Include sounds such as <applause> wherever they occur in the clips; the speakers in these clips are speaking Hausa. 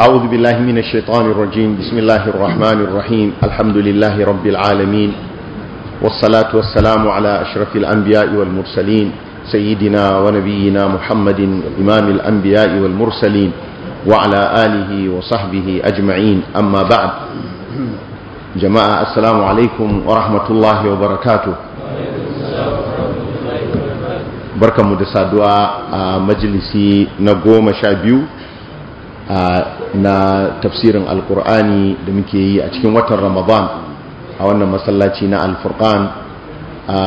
أعوذ بالله من الشيطان الرجيم بسم الله الرحمن الرحيم الحمد لله رب العالمين والصلاة والسلام على أشرف الأنبياء والمرسلين سيدنا ونبينا محمد إمام الأنبياء والمرسلين وعلى آله وصحبه أجمعين أما بعد جماعة السلام عليكم ورحمة الله وبركاته بركة مدسة دعاء مجلسي نقوم شابيو na tafsirin alkur'ani da muke yi a cikin watan ramadan a wannan masallaci na alfurkan a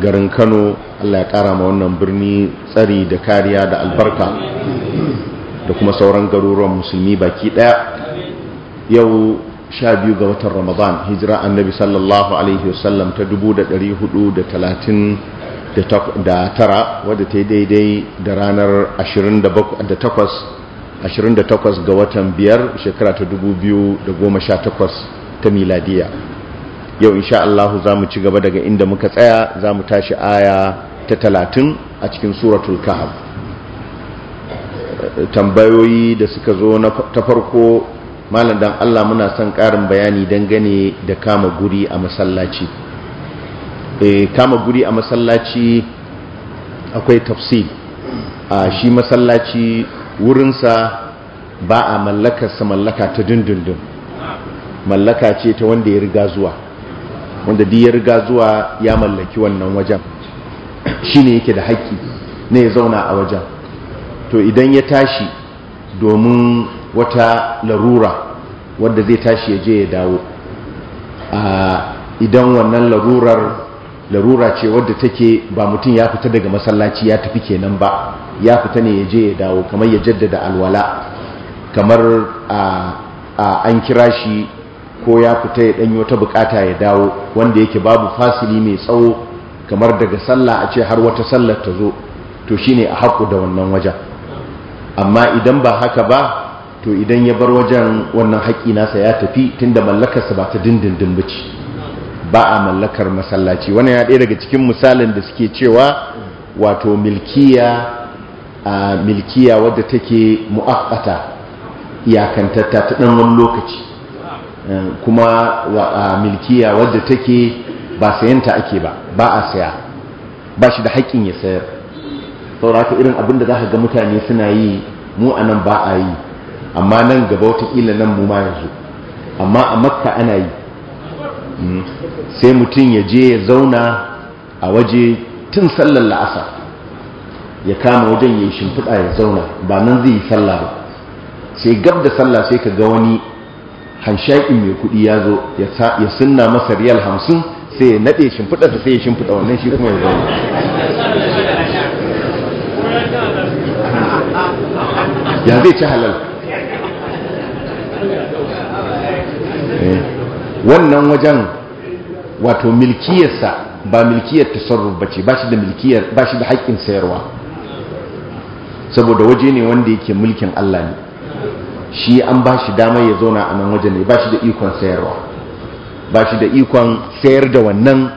garin kano allah ya kara ma wannan birni tsari da kariya da albarka da kuma sauran garuruwan musulmi baki daya yau sha biyu ga watan ramadan hijira annabi sallallahu alaihi wasallam ta tara wadda ta yi daidai da ranar 28 28 ga watan biyar shekara ta 2018 ta miladiya yau insha Allah za mu ci gaba daga inda muka tsaya za mu tashi aya ta 30 a cikin suratul kahab tambayoyi da suka zo ta farko malam dan Allah muna son ƙarin bayani dangane da kama guri a masallaci e, kama guri a masallaci akwai tafsir a ah, shi masallaci wurinsa ba a mallakarsa mallaka ta dindindin mallaka ce ta wanda ya riga zuwa wanda ya riga zuwa ya mallaki wannan wajen shi ne yake da haƙƙi ne ya zauna a wajen to idan ya tashi domin wata larura wadda zai tashi ya je ya dawo ah, idan wannan larurar larura ce wadda take ba mutum ya fita daga masallaci ya tafi kenan ba ya fita ne ya je ya dawo kamar ya jaddada alwala kamar a an kira shi ko ya fita ya danyo ta bukata ya dawo wanda yake babu fasili mai tsawo kamar daga sallah a ce har wata sallar ta zo to shine a haƙu da wannan wajen amma idan ba haka ba to idan ya bar wajen wannan haƙi nasa ya tafi tunda mallakarsa ba ta dindindin bici ba a mallakar masallaci wannan ya ɗaya daga cikin misalin da suke cewa wato milkiya a milkiya wadda take mu'akkata iyakantatta ta ɗan wani lokaci eh, kuma a milkiya wadda take ba sayanta ake ba ba a saya ba shi da haƙƙin ya sayar sauraka irin abin da za ka ga mutane suna yi mu a nan ba a yi amma nan gaba wata watakila nan mu ma yanzu amma a makka ana yi sai mutum ya je ya zauna a waje tun sallar la'asa ya kama wajen ya yi ya zauna ba nan zai yi sallah ba sai gab da salla sai ka ga wani hanshaƙi mai kuɗi ya zo ya sunna masa riyal hamsin sai ya naɗe ta sai ya shimfiɗa wannan shi kuma ya zauna ya zai ci halal eh. wannan wajen wato milkiyarsa ba milkiyar tasarruf bace ba shi da milkiyar ba shi da haƙƙin sayarwa saboda waje ne wanda yake mulkin Allah ne shi an ba shi dama ya zauna a nan wajen ne ba shi da ikon sayarwa ba shi da ikon sayar da wannan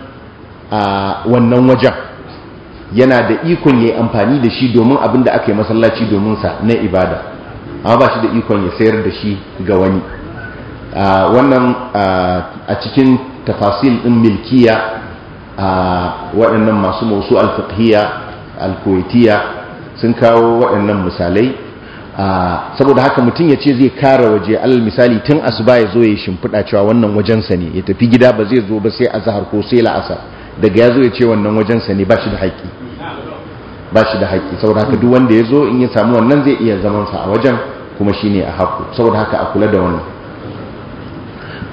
a wannan wajen yana da ikon ya yi amfani da shi domin abin da aka yi masallaci domin sa na ibada amma ba shi da ikon ya sayar da shi ga wani Ah, wannan ah, a cikin tafasil ɗin milkiya ah, waɗannan masu mausu alfahiyya alkuwaitiya sun kawo waɗannan misalai saboda haka mutum ya ce zai kara waje alal misali tun asuba ya zo ya shimfiɗa cewa wannan wajensa ne ya tafi gida ba zai zo ba sai a zahar ko sai la'asar daga ya zo ya ce wannan wajensa ne ba shi da haƙƙi ba shi da haƙƙi saboda haka duk wanda ya zo in ya samu wannan zai iya zamansa a wajen kuma shi ne a haƙƙo saboda haka a kula da wannan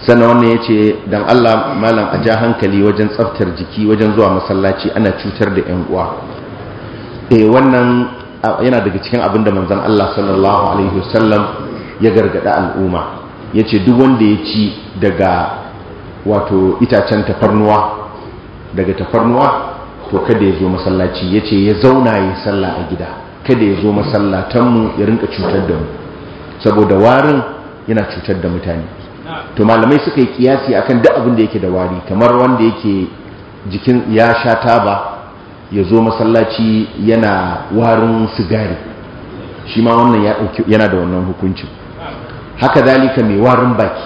sannan wannan ya ce don allah malam a ja hankali wajen tsaftar jiki wajen zuwa masallaci ana cutar da 'yan uwa e wannan yana daga cikin abin da manzan allah sallallahu alaihi wasallam ya gargada al'umma ya ce duk wanda ya ci daga wato itacen tafarnuwa daga tafarnuwa to kada ya zo masallaci ya ce ya zauna ya salla a gida kada ya zo masallatanmu ya rinka cutar da mu saboda warin yana cutar da mutane to malamai suka yi kiyasi akan duk abin da yake da wari kamar wanda yake jikin ya sha taba ya zo masallaci yana warin sigari shi ma wannan yana da wannan hukuncin haka zalika mai warin baki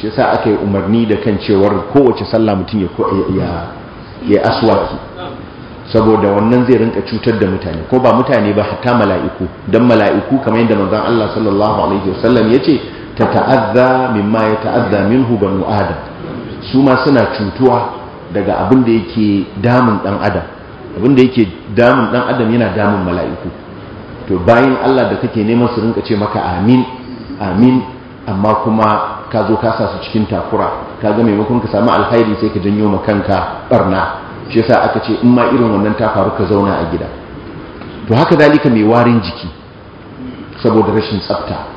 shi sa aka yi umarni da kan cewar kowace sallah mutum ya aswaki saboda wannan zai rinka cutar da mutane ko ba mutane ba hatta mala'iku don mala'iku kamar yadda manzon Allah sallallahu alaihi wasallam ya ce ta ta'adda mimma ya ta'adda minhu banu adam su ma suna cutuwa daga abin da yake damun dan adam abin da yake damun dan adam yana damun mala'iku to bayan Allah da kake neman su rinka ce maka amin amin amma kuma ka zo ka sa su cikin takura ka ga maimakon ka samu alkhairi sai ka janyo ma kanka barna shi yasa aka ce in ma irin wannan ta faru ka zauna a gida to haka dalika mai warin jiki saboda rashin tsafta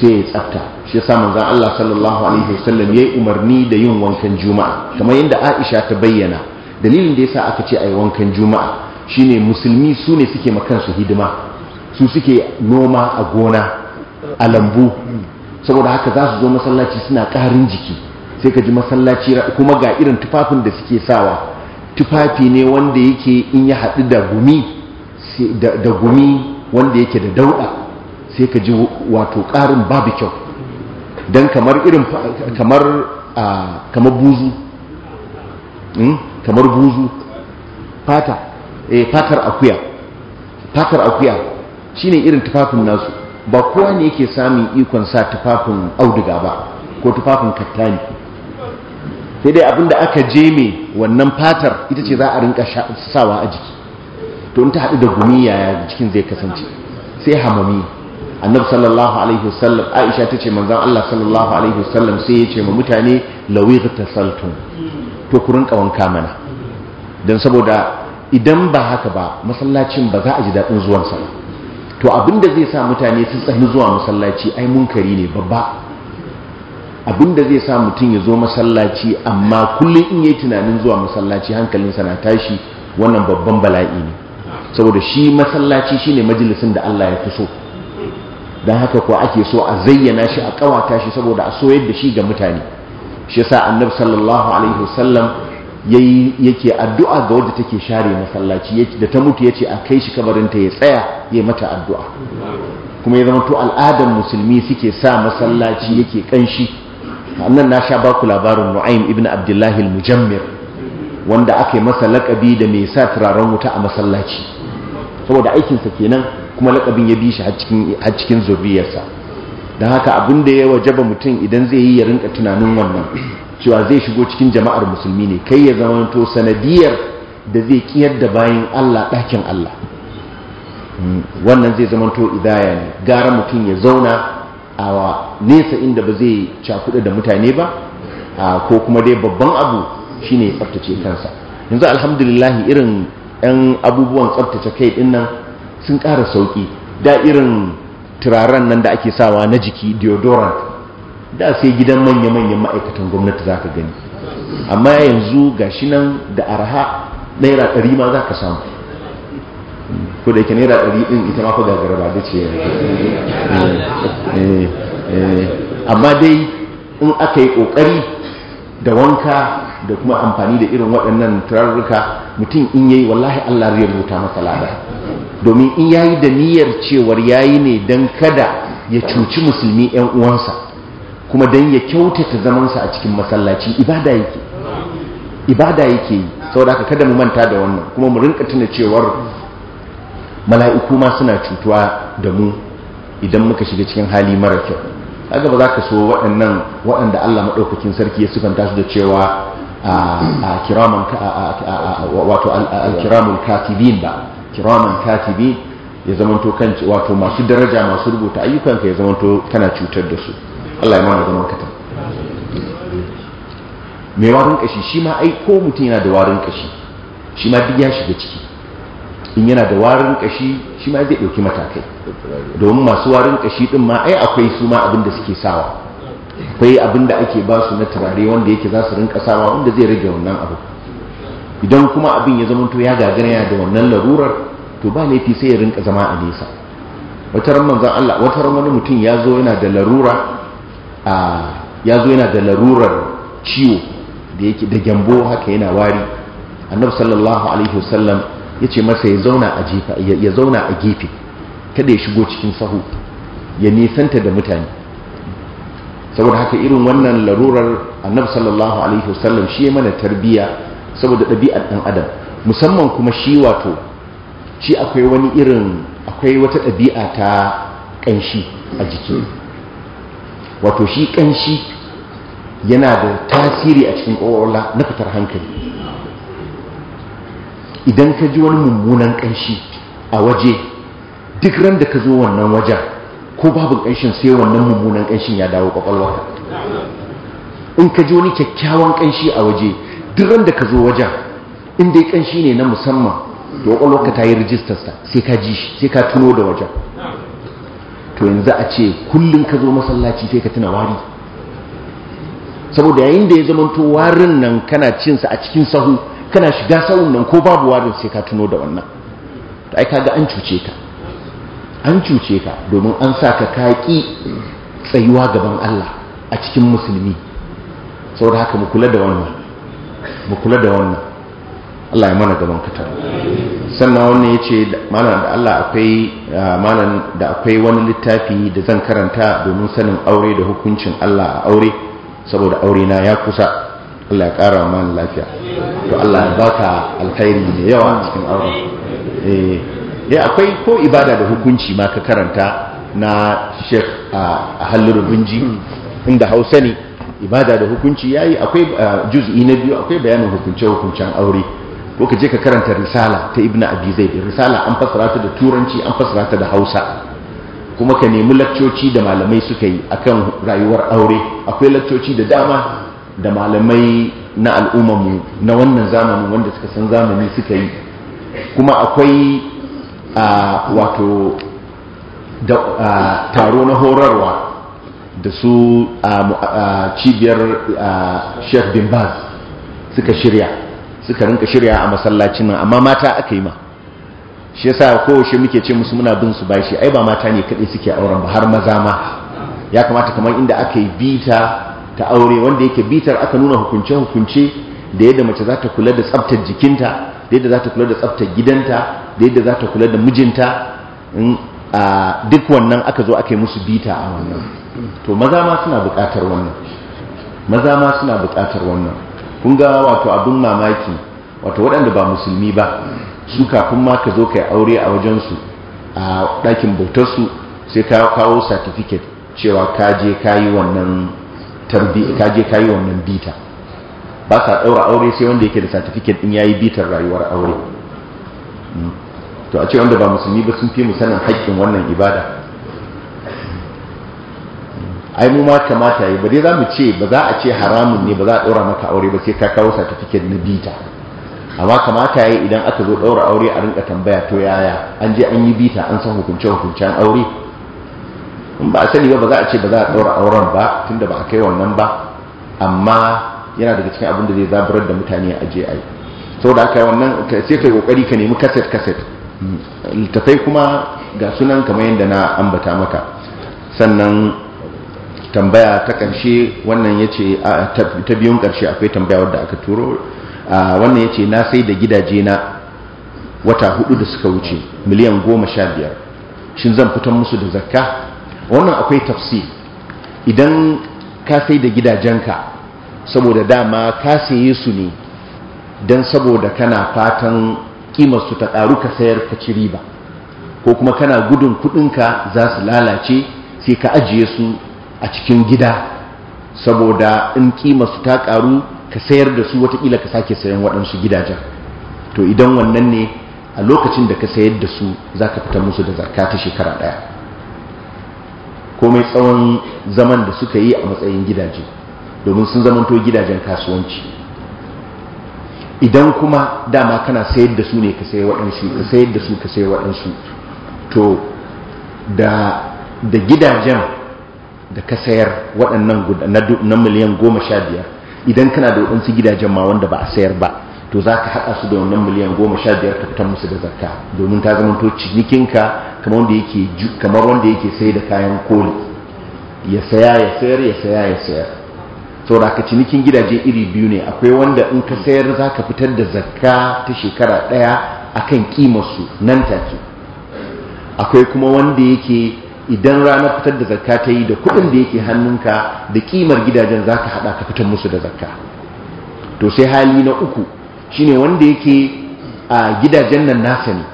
sai ya tsafta shi yasa manzon Allah sallallahu alaihi wasallam yayi umarni da yin wankan juma'a kamar yadda Aisha ta bayyana dalilin da yasa aka ce a yi wankan juma'a shine musulmi su ne suke makan su hidima su suke noma a gona a lambu saboda haka za su zo masallaci suna ƙarin jiki sai ka ji masallaci kuma ga irin tufafin da suke sawa tufafi ne wanda yake in ya haɗu da gumi da gumi wanda yake da dauɗa sai ka ji wato ƙarin babu kyau don kamar irin kamar buzu hmm? kamar buzu fata eh fatar akuya fatar akuya shine irin tufafin nasu ba kowa ne yake samun ikon sa tufafin auduga ba ko tufafin kattani sai dai abinda aka je mai wannan fatar ita ce za a rinka sawa a jiki to in ta haɗu da gumi yaya jikin zai kasance sai hamami annabi sallallahu alaihi wasallam aisha ta ce manzan Allah sallallahu alaihi wasallam sai ya ce ma mutane lawir tasaltum to ku rinka wanka mana dan saboda idan ba haka ba masallacin ba za a ji daɗin zuwansa ba to abinda zai sa mutane su tsani zuwa masallaci ai munkari ne babba abinda zai sa mutum ya zo masallaci amma kullum in yi tunanin zuwa masallaci hankalinsa na tashi wannan babban bala'i ne saboda shi masallaci shine majalisin da Allah ya fi so don haka kuwa ake so a zayyana shi a kawata shi saboda a soyar da shi ga mutane shi yasa annabi sallallahu alaihi wasallam yake addu'a ga wadda take share masallaci da ta mutu yace a kai shi kabarinta ya tsaya ya mata addu'a kuma ya zama to al'adar musulmi suke sa masallaci yake kanshi annan na sha baku labarin Nu'aym ibn Abdullahi al-Mujammir wanda aka yi masa lakabi da mai sa turaren wuta a masallaci saboda aikinsa kenan kuma lakabin ya bi shi har cikin zurriyarsa don haka abin da ya wajaba mutum idan zai yi ya rinka tunanin wannan cewa zai shigo cikin jama'ar musulmi ne kai ya zama to sanadiyar da zai kiyar da bayan Allah ɗakin Allah hmm, wannan zai zama to idaya ne gara mutum ya zauna a nesa inda ba zai cakuɗa da mutane ba ko kuma dai babban abu shine ya tsaftace kansa yanzu alhamdulillah irin 'yan abubuwan tsabtace kai ɗinnan sun ƙara sauƙi da irin turaren nan da ake sawa na jiki deodorant da sai gidan manya-manyan ma'aikatan gwamnati za ka gani amma yanzu ga shi nan da arha naira ɗari ma za ka samu ko da yake naira ɗari ɗin ita mafi gagara ba da ce eh, eh, eh, amma dai in aka yi ƙoƙari da wanka da kuma amfani da irin waɗannan turarruka mutum in yayi wallahi Allah ya rubuta masa lada domin in yayi da niyyar cewar yayi ne dan kada ya cuci musulmi ɗan uwansa kuma dan ya kyautata zamansa a cikin masallaci ibada yake ibada yake yi saboda haka kada mu manta da wannan kuma mu rinka tuna cewar mala'iku ma suna cutuwa da mu idan muka shiga cikin hali mara kyau kaga ba za ka so waɗannan waɗanda Allah maɗaukakin sarki ya sifanta su da cewa a kiraman wato al-kiramul katibin ba kiraman katibin ya zamanto kan wato masu daraja masu rubuta ayyukanka ya zamanto kana cutar da su Allah ya mana zaman katan mai warin kashi shi ma ai ko mutum yana da warin kashi shi ma duk ya shiga ciki in yana da warin kashi shi ma zai ɗauki matakai domin masu warin ƙashi din ma ai akwai su ma abinda suke sawa akwai abinda ake ba su na turare wanda yake za su rinka sawa wanda zai rage wannan abu idan kuma abin ya zamanto ya gagara da wannan larurar to ba laifi sai ya rinka zama a nesa wata ran manzon Allah wata ran wani mutum ya zo yana da larura a ya zo yana da larurar ciwo da yake da gyambo haka yana wari annabi sallallahu alaihi wasallam ya ce masa ya zauna a ya zauna a gefe kada ya shigo cikin sahu ya nisanta da mutane saboda haka irin wannan larurar annab sallallahu alaihi wasallam shi ya mana tarbiya saboda ɗabi'ar ɗan adam musamman kuma shi wato shi akwai wani irin akwai wata ɗabi'a ta ƙanshi a jiki wato shi ƙanshi yana da tasiri a cikin ƙwaƙwalwa na fitar hankali idan ka ji wani mummunan ƙanshi a waje duk ran da ka zo wannan wajen ko babu ƙanshin sai wannan mummunan ƙanshin ya dawo ƙwaƙwalwa. in ka ji wani kyakkyawan ƙanshi a waje duk ran da ka zo wajen in dai ƙanshi ne na musamman to ka ta yi rijistarsa sai ka ji shi sai ka tuno da wajen to yanzu a ce kullum ka zo masallaci sai ka tuna wari saboda yayin da ya zamanto warin nan kana cinsa a cikin sahu kana shiga sawun nan ko babu warin sai ka tuno da wannan to ai kaga an cuce ka an cuce ka domin an sa ka kaki tsayuwa gaban Allah a cikin musulmi saboda haka mu kula da wannan mu kula da wannan Allah ya mana gaban katar sannan wannan ya ce malam da Allah akwai malam da akwai wani littafi da zan karanta domin sanin aure da hukuncin Allah a aure saboda aure na ya kusa Allah ya ƙara mani lafiya to Allah ya ka alkhairi mai yawa a cikin auren eh, eh akwai ko ibada da hukunci ma ka karanta na Sheikh Halil Rubinji inda Hausa ne ibada da hukunci yayi akwai juz'i na biyu akwai bayanin hukunce hukuncen aure ko ka je ka karanta risala ta Ibn Abi Zaid risala an fassara ta da turanci an fassara ta da Hausa kuma ka nemi lakcoci da malamai suka yi akan rayuwar aure akwai lakcoci da dama da malamai na al'ummarmu na wannan zamanin wanda suka san zamani suka yi kuma akwai wato taro na horarwa da su cibiyar sheikh bin baz suka shirya suka rinka shirya a masallacin nan amma mata aka yi ma shi yasa kowace muke ce musu muna bin su bashi ai ba mata ne kadai suke auren ba har maza ma ya kamata kamar inda aka yi bita ta aure wanda yake bitar aka nuna hukunce hukunce da yadda mace za ta kula da tsabtar jikinta da yadda za ta kula da tsabtar gidanta da yadda za ta kula da mijinta a duk wannan aka zo aka yi musu bita a wannan to maza ma suna buƙatar wannan maza ma suna buƙatar wannan kun ga wato abin mamaki wato waɗanda ba musulmi ba su kafin ma ka zo ka yi aure a wajensu a ɗakin bautarsu sai ka kawo satifiket cewa ka je ka yi wannan Tarbi ka je kayi wannan bita ba sa daura aure sai wanda yake da certificate din yayi yi bitar rayuwar aure hmm. to a ce wanda ba musulmi ba sun fi mu sanin haƙƙin wannan ibada hmm. ai mu ma kamata yi ba dai za mu ce ba za a ce haramun ne ba za a daura maka aure ba sai ka kawo certificate na bita amma kamata yi idan aka zo ɗaura aure a rinka tambaya to yaya an je an yi bita an san hukunce hukuncen aure in ba a sani ba ba za a ce ba za a ɗaura auren ba tunda ba a kai wannan ba amma yana daga cikin abin da zai zaburar da mutane a je a yi aka haka wannan sai yi kokari ka nemi kaset kaset littafai kuma ga sunan kamar yadda na ambata maka sannan tambaya ta ƙarshe wannan ya ce ta biyun ƙarshe akwai tambaya wadda aka turo wannan ya ce na sai da gidaje na wata hudu da suka wuce miliyan goma sha biyar shin zan fitan musu da zakka wannan akwai tafsi idan ka sai da gidajenka saboda dama ka saye su ne don saboda kana fatan kimarsu ta ƙaru ka sayar ka ci riba ko kuma kana gudun kudinka za su lalace sai ka ajiye su a cikin gida saboda in kimarsu ta ƙaru ka sayar da su watakila ka sake sayan waɗansu gidajen to idan wannan ne a lokacin da ka sayar da su za ka fita musu da zakka shekara ɗaya komai tsawon zaman da suka yi a matsayin gidaje domin sun zamanto gidajen kasuwanci idan kuma dama kana sayar da su ne ka sayi waɗansu ka sayar da su ka sayi waɗansu to da da gidajen da ka sayar waɗannan na miliyan goma sha biyar idan kana da waɗansu gidajen ma wanda ba a sayar ba to za ka haɗa su da wannan miliyan goma sha biyar ka fitar musu da zakka domin ta zama to cinikinka kamar wanda yake kamar wanda yake sai da kayan koli ya saya ya sayar ya saya ya sayar Sau da ka cinikin gidaje iri biyu ne akwai wanda in ka sayar za ka fitar da zakka ta shekara ɗaya akan kimarsu nan take akwai kuma wanda yake idan ranar fitar da zakka ta yi da kuɗin da yake hannunka da kimar gidajen za ka haɗa ka fitar musu da zakka to sai hali na uku ne wanda yake a gidajen nan nasa ne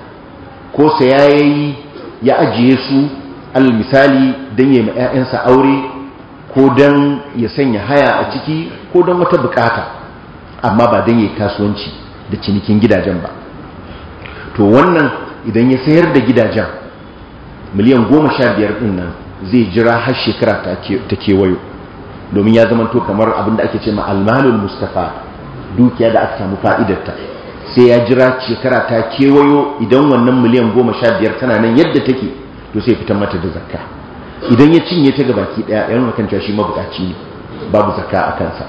ko saya yayi ya ajiye su almisali misali dan ma 'ya'yansa aure ko don ya sanya haya a ciki ko don wata bukata amma ba dan yayi kasuwanci da cinikin gidajen ba to wannan idan ya sayar da gidajen miliyan goma sha biyar ɗin nan zai jira har shekara ta kewayo domin ya zama zamanto kamar abinda ake ce ma almalul mustafa dukiya da aka samu fa'idarta sai ya jira shekara ta kewayo idan wannan miliyan goma sha biyar tana nan yadda take to sai fitan mata da zakka idan ya cinye ta gabaki daya ya nuna kanta shi mabukaci ne babu zakka a kansa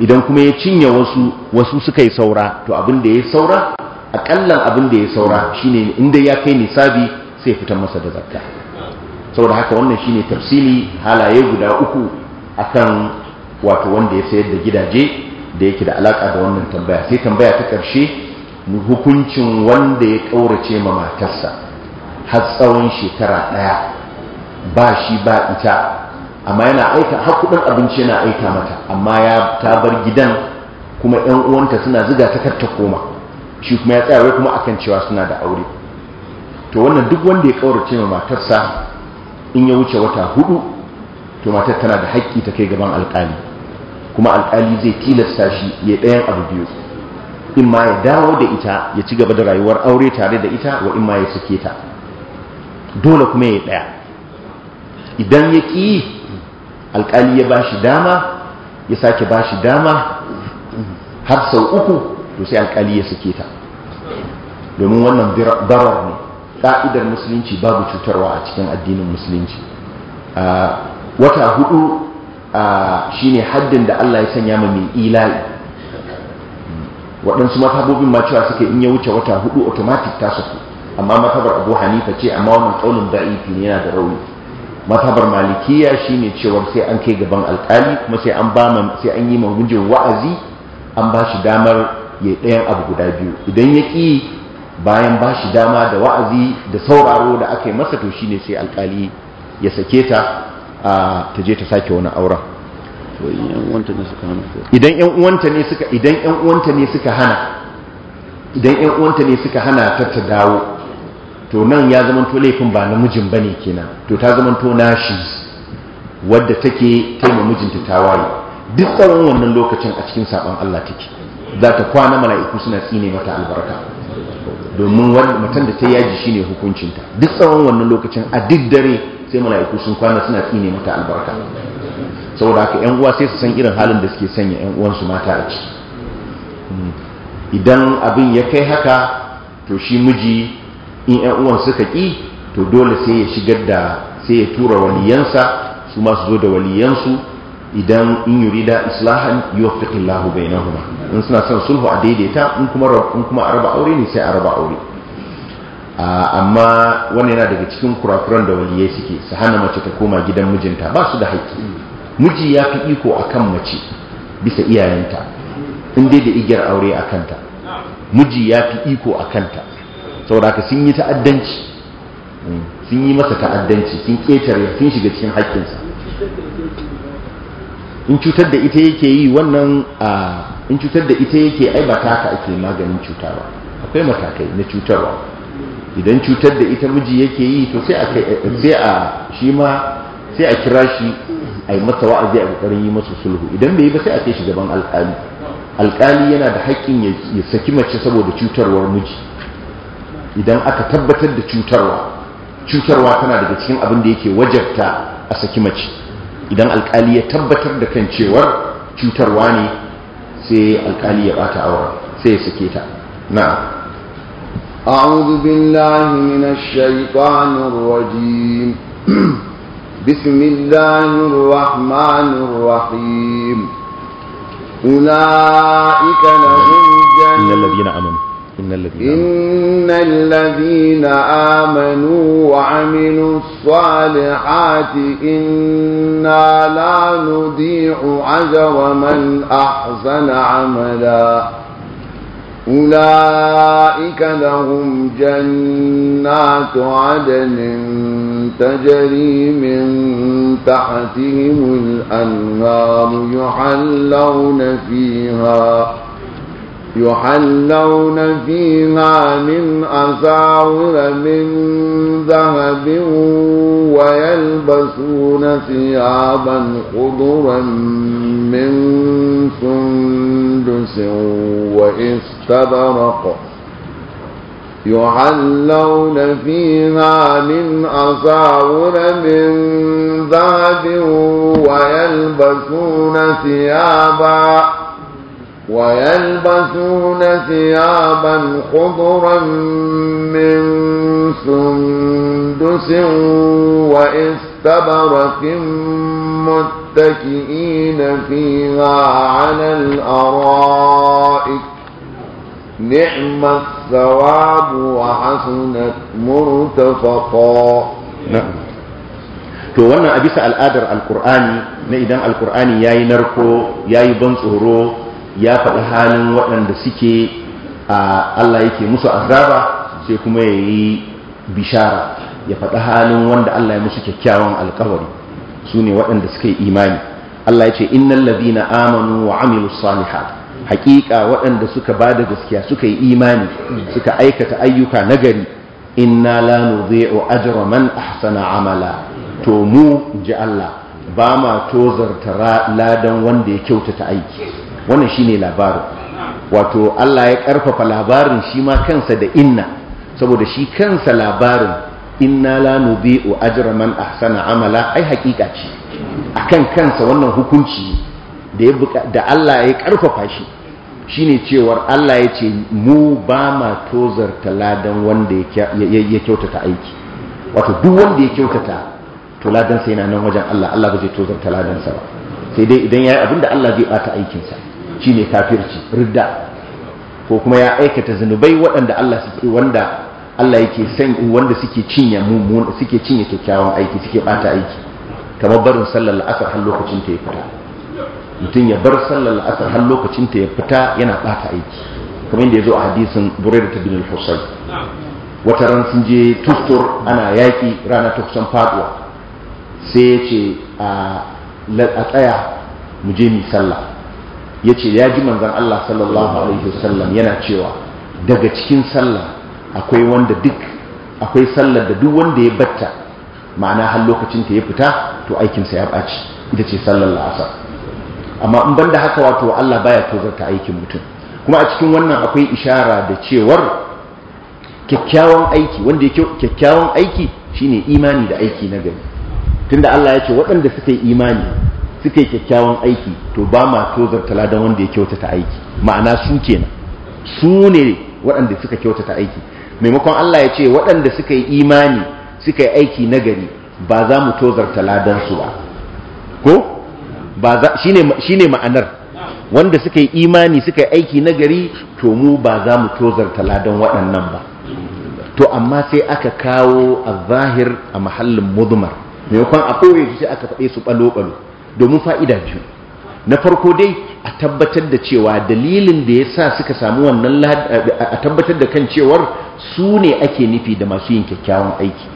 idan kuma ya cinye wasu wasu suka yi saura to abin da ya saura akallan abin da ya saura shine inda ya kai nisabi sai fitan masa da zakka saboda haka wannan shine tafsili halaye guda uku akan wato wanda ya sayar da gidaje da yake da alaƙa da wannan tambaya sai tambaya ta ƙarshe hukuncin wanda ya ƙaurace ma matarsa har tsawon shekara ɗaya ba shi ba ita amma yana aika har kuɗin abinci yana aika mata amma ya ta bar gidan kuma ƴan uwanta suna ziga ta kar ta koma shi kuma ya tsaya kuma akan cewa suna da aure to wannan duk wanda ya ƙaurace ma matarsa in ya wuce wata hudu to matar tana da haƙƙi ta kai gaban alƙali kuma alƙali zai tilasta shi ya ɗayan abu biyu in ma ya dawo da ita ya ci gaba da rayuwar aure tare da ita wa in ma ya sake ta dole kuma ya ɗaya idan ya ƙi alƙali ya ba shi dama ya sake ba shi dama har sau uku to sai alƙali ya sake ta domin wannan barar ne ƙa'idar musulunci babu cutarwa a cikin addinin musulunci ah, wata hudu shi ne haddin da Allah ya sanya ma mai ila'i waɗansu matabobin ma cewa suke in ya wuce wata hudu automatic ta saku amma matabar Abu Hanifa ce amma tsaunin kaulin da'ifi ne yana da rauni matabar Malikiya ne cewa sai an kai gaban alkali kuma sai an ba sai an yi mahujin wa'azi an ba shi damar ya yi ɗayan abu guda biyu idan ya ƙi bayan ba shi dama da wa'azi da sauraro da aka yi masa to shine sai alkali ya sake ta a ta je ta sake wani auren idan yan uwanta ne suka idan yan uwanta ne suka hana idan yan uwanta ne suka hana ta ta dawo to nan ya zama to laifin ba namijin bane kenan to ta zama to nashi wadda take taimaka mijinta tawaye duk tsawon wannan lokacin a cikin sabon Allah take za ta kwana mala'iku suna tsine mata albarka domin matan da ta yaji shine hukuncinta duk tsawon wannan lokacin a duk dare sai mala'iku sun kwana suna tsine mata albarka saboda haka yan uwa sai su san irin halin da suke sanya yan uwansu mata a ciki hmm. idan abin ya kai haka to shi miji in yan uwan suka ki to dole sai ya shigar da sai ya tura waliyansa su ma su zo da waliyansu idan in da islahan yi wa yuwaffiqillahu bainahuma in suna son sulhu a daidaita in kuma a raba aure ne sai a raba aure amma wani yana daga cikin kurakuran da waliyai suke su hana mace ta koma gidan mijinta ba su da haƙƙi miji ya fi iko a kan mace bisa iyayenta in dai da igiyar aure a kanta miji ya fi iko a kanta sauraka sun yi ta'addanci mm, sun yi masa ta'addanci sun ƙetare sun shiga cikin haƙƙinsa in cutar da ita yake yi wannan in cutar da ita yake ai ba ta haka ake maganin cuta ba akwai matakai na cutarwa idan cutar da ita miji yake yi to sai a shi ma sai a kira shi a yi masa wa'azi a ƙoƙarin yi masa sulhu idan bai yi ba sai a kai shi gaban alƙali alƙali yana da haƙƙin ya saki mace saboda cutarwar miji idan aka tabbatar da cutarwa cutarwa tana daga cikin abin da yake wajabta a saki mace idan alƙali ya tabbatar da kan cewar cutarwa ne sai alƙali ya bata aure sai ya sake ta na'am أعوذ بالله من الشيطان الرجيم <clears throat> بسم الله الرحمن الرحيم أولئك لهم جنة إن الذين آمنوا إن الذين, إن الذين آمنوا وعملوا الصالحات إنا لا نضيع أجر من أحسن عملاً أولئك لهم جنات عدن تجري من تحتهم الأنهار يحلون فيها يحلون فيها من أساور من ذهب ويلبسون ثيابا خضرا من سندس شمس واستبرق يعلون فيها من أساور من ذهب ويلبسون ثيابا ويلبسون ثيابا خضرا من سندس واستبرق متكئين فيها على الأرائك نعم الثواب وحسنت مرتفقا نعم to wannan a bisa al'adar alkur'ani na idan alkur'ani ya yi narko ya yi ban tsoro ya faɗi halin waɗanda suke a allah yake musu azaba sai kuma ya yi bishara ya faɗi halin wanda allah ya musu kyakkyawan alkawari su ne waɗanda suka yi imani Allah ya ce innal ladina amanu wa amilu salihat haƙiƙa waɗanda suka ba da gaskiya suka yi imani suka aikata ayyuka nagari inna la nudhi'u ajra man ahsana amala to mu ji Allah ba ma tozarta ladan wanda ya kyautata aiki wannan shine labarin wato Allah ya ƙarfafa labarin shi ma kansa da inna saboda shi kansa labarin inna la nudhi'u ajra man ahsana amala ai hakika ce akan kansa wannan hukunci da ya da Allah ya karfafa shi shine cewar Allah ya ce mu ba ma tozarta ladan wanda ya kyautata aiki wato duk wanda ya kyautata to ladan sai yana nan wajen Allah Allah ba zai tozarta ladansa ba sai dai idan yayi abinda Allah zai bata aikinsa shine kafirci ridda ko kuma ya aikata zunubai waɗanda Allah suke wanda Allah yake san wanda suke cinye mummun suke cinye kyakkyawan aiki suke bata aiki kamar barin sallar la'asar har lokacin ta ya fita mutum ya bar sallar la'asar har lokacin ta ya fita yana bata aiki kamar inda ya zo a hadisin burai ta bin al husayn wata ran sun je tustur ana yaƙi rana ta kusan faduwa sai ya ce a tsaya mu je mu sallah ya ce ya ji manzon Allah sallallahu alaihi wasallam yana cewa daga cikin sallah akwai wanda duk akwai sallar da duk wanda ya batta ma'ana har lokacin ta ya fita to aikinsa ya ɓaci ita ce sallar la'asar amma in banda haka wato Allah baya tozarta aikin mutum kuma a cikin wannan akwai ishara da cewar kyakkyawan aiki wanda kyakkyawan aiki shine imani da aiki na gari tunda Allah ya ce waɗanda suka yi imani suka yi kyakkyawan aiki to ba ma tozarta ladan wanda ya kyautata aiki ma'ana su kenan su ne waɗanda suka kyautata aiki maimakon Allah ya ce waɗanda suka yi imani suka yi aiki nagari ba za mu tozarta ladansu ba ko shi ne ma'anar wanda suka yi imani suka yi aiki nagari to mu ba za mu tozarta ladan waɗannan ba to amma sai aka kawo a zahir a mahallin mudumar maimakon a kowace sai aka faɗe su ɓalo-ɓalo domin fa'ida biyu na farko dai a tabbatar da cewa dalilin da ya sa suka samu wannan a tabbatar da kan cewar su ne ake nufi da masu yin kyakkyawan aiki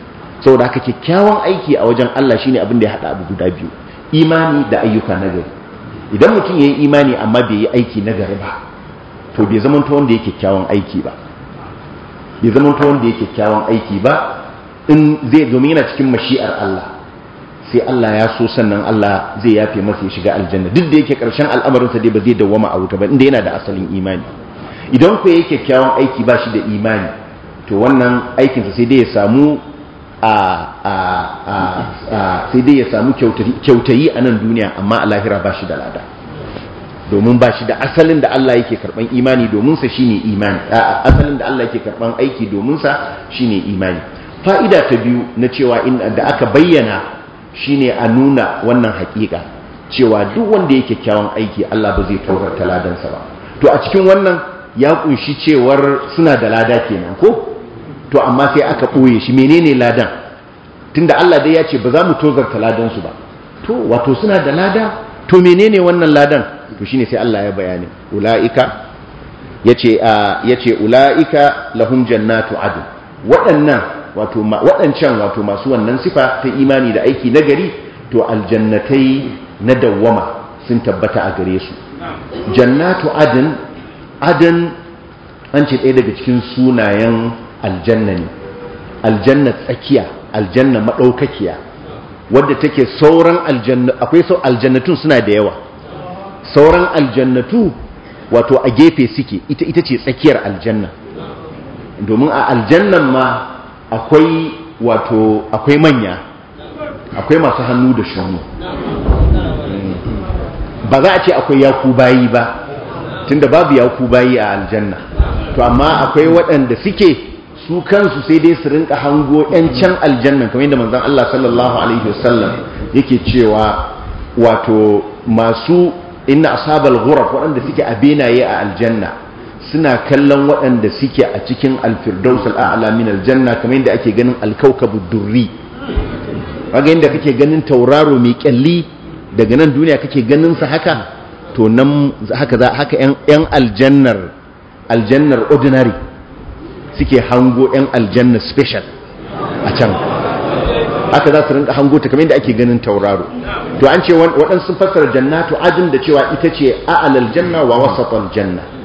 saboda haka kyakkyawan aiki a wajen Allah shi ne abin da ya haɗa abu guda biyu imani da ayyuka na gari. idan mutum ya yi imani amma bai yi aiki na gari ba to bai zama ta wanda ya kyakkyawan aiki ba bai zama ta wanda ya kyakkyawan aiki ba in zai domin yana cikin mashi'ar Allah sai Allah ya so sannan Allah zai yafe masa ya shiga aljanna duk da yake karshen al'amarin sa dai ba zai dawwama a wuta ba inda yana da asalin imani idan ku yake kyakkyawan aiki ba shi da imani to wannan aikin sa sai dai ya samu a a a sai dai ya samu kyautayi a nan duniya amma a lahira ba shi da lada domin ba shi da asalin da Allah yake karban imani domin sa shine imani asalin da Allah yake karban aiki domin sa shine imani fa'ida ta biyu na cewa in da aka bayyana shine a nuna wannan haƙiƙa cewa duk wanda yake kyawun aiki Allah ba zai tozarta ladansa ba to a cikin wannan ya kunshi cewar suna da lada kenan ko to amma sai aka ɓoye shi menene ladan tunda Allah dai ya ce ba za mu tozarta ladansu ba to wato suna da lada to menene wannan ladan to shine sai Allah ya bayani ula'ika yace yace ula'ika lahum jannatu adn waɗannan wato waɗancan wato masu wannan sifa ta imani da aiki na gari to aljannatai na dawwama sun tabbata a gare su jannatu adin adin an ce ɗaya daga cikin sunayen aljanna ne aljanna tsakiya aljanna maɗaukakiya wadda take sauran aljanna akwai sau aljannatun suna da yawa sauran aljannatu wato a gefe suke ita ita ce tsakiyar aljanna domin a aljannan ma akwai wato akwai manya akwai masu hannu da shuni hmm. ba za a ce akwai yaku bayi ba tunda babu yaku bayi a aljanna to amma akwai waɗanda suke su kansu sai dai su rinka hango 'yan can aljanna kamar yadda manzon Allah sallallahu alaihi wasallam yake cewa wato masu inna asabar ghuraf waɗanda suke a benaye a aljanna suna kallon waɗanda suke a cikin alfirdaus al'ala min aljanna kamar yadda ake ganin alkaukabu durri kaga yadda kake ganin tauraro mai kyalli daga nan duniya kake ganin sa haka to nan haka za haka yan aljannar aljannar ordinary suke hango yan aljannar special a can haka za su rinka hango ta kamar yadda ake ganin tauraro to an ce waɗansu fassara jannatu ajin da cewa ita ce a'alal janna wa wasatal janna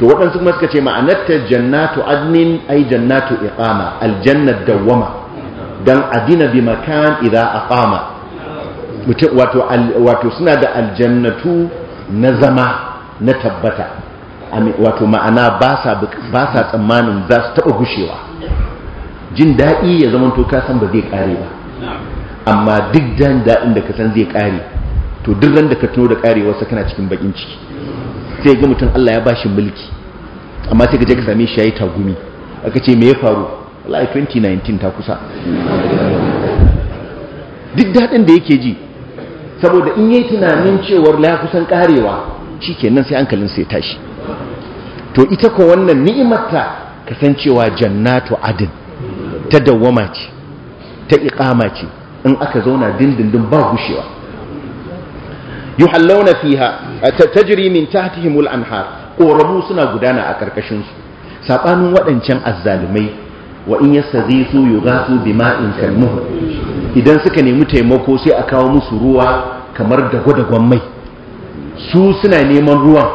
to waɗansu kuma suka ce ma'anarta jannatu adnin ai jannatu iqama aljanna dawwama dan adina bi makan idza aqama wato wato suna da aljannatu na zama na tabbata wato ma'ana ba sa ba sa tsammanin za su taba gushewa jin daɗi ya zama to ka san ba zai kare ba amma duk dan dadin da ka san zai kare to duk ran da ka tuno da karewarsa kana cikin bakin ciki sai ga mutum Allah ya bashi mulki amma sai ka je ka same shi yayi tagumi aka ce me ya faru wallahi 2019 ta kusa duk daɗin da yake ji saboda in yi tunanin cewar la kusan karewa shikenan sai hankalin sai tashi to ita ko wannan ni'imarta kasancewa jannatu adin ta dawwama ce ta iqama ce in aka zauna dindindin ba gushewa yuhallawna fiha tajri min al anhar Ƙoramu suna gudana a karkashin su sabanin wadancan azzalumai wa in yastazisu yughasu bima'in kalmuh idan suka nemi taimako sai a kawo musu ruwa kamar da dagwadagwan mai su suna neman ruwan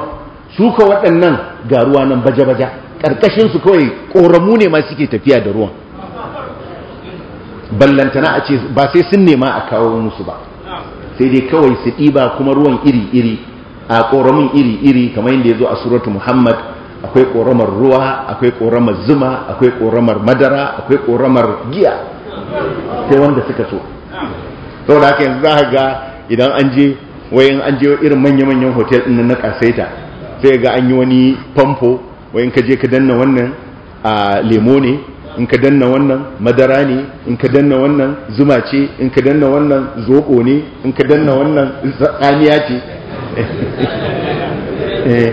su ka waɗannan ga ruwa nan baje-baje. karkashin su kawai ƙoramu ne ma suke tafiya da ruwan ballantana a ce ba sai sun nema a kawo musu ba sai dai kawai su ɗiba kuma ruwan iri-iri a ƙoramin iri-iri kamar yadda ya zo a suratu muhammad akwai ƙoramar ruwa akwai ƙoramar zuma akwai ƙoramar madara akwai ƙoramar giya sai wanda suka so sau da haka yanzu za ga idan an je wayan an je irin manya-manyan hotel ɗin na ƙasaita sai ga an yi wani famfo wayan ka je ka danna wannan a lemo ne in ka danna wannan madara ne in ka danna wannan zuma ce in ka danna wannan zoɓo ne in ka danna wannan tsaniya ce <laughs> Eh,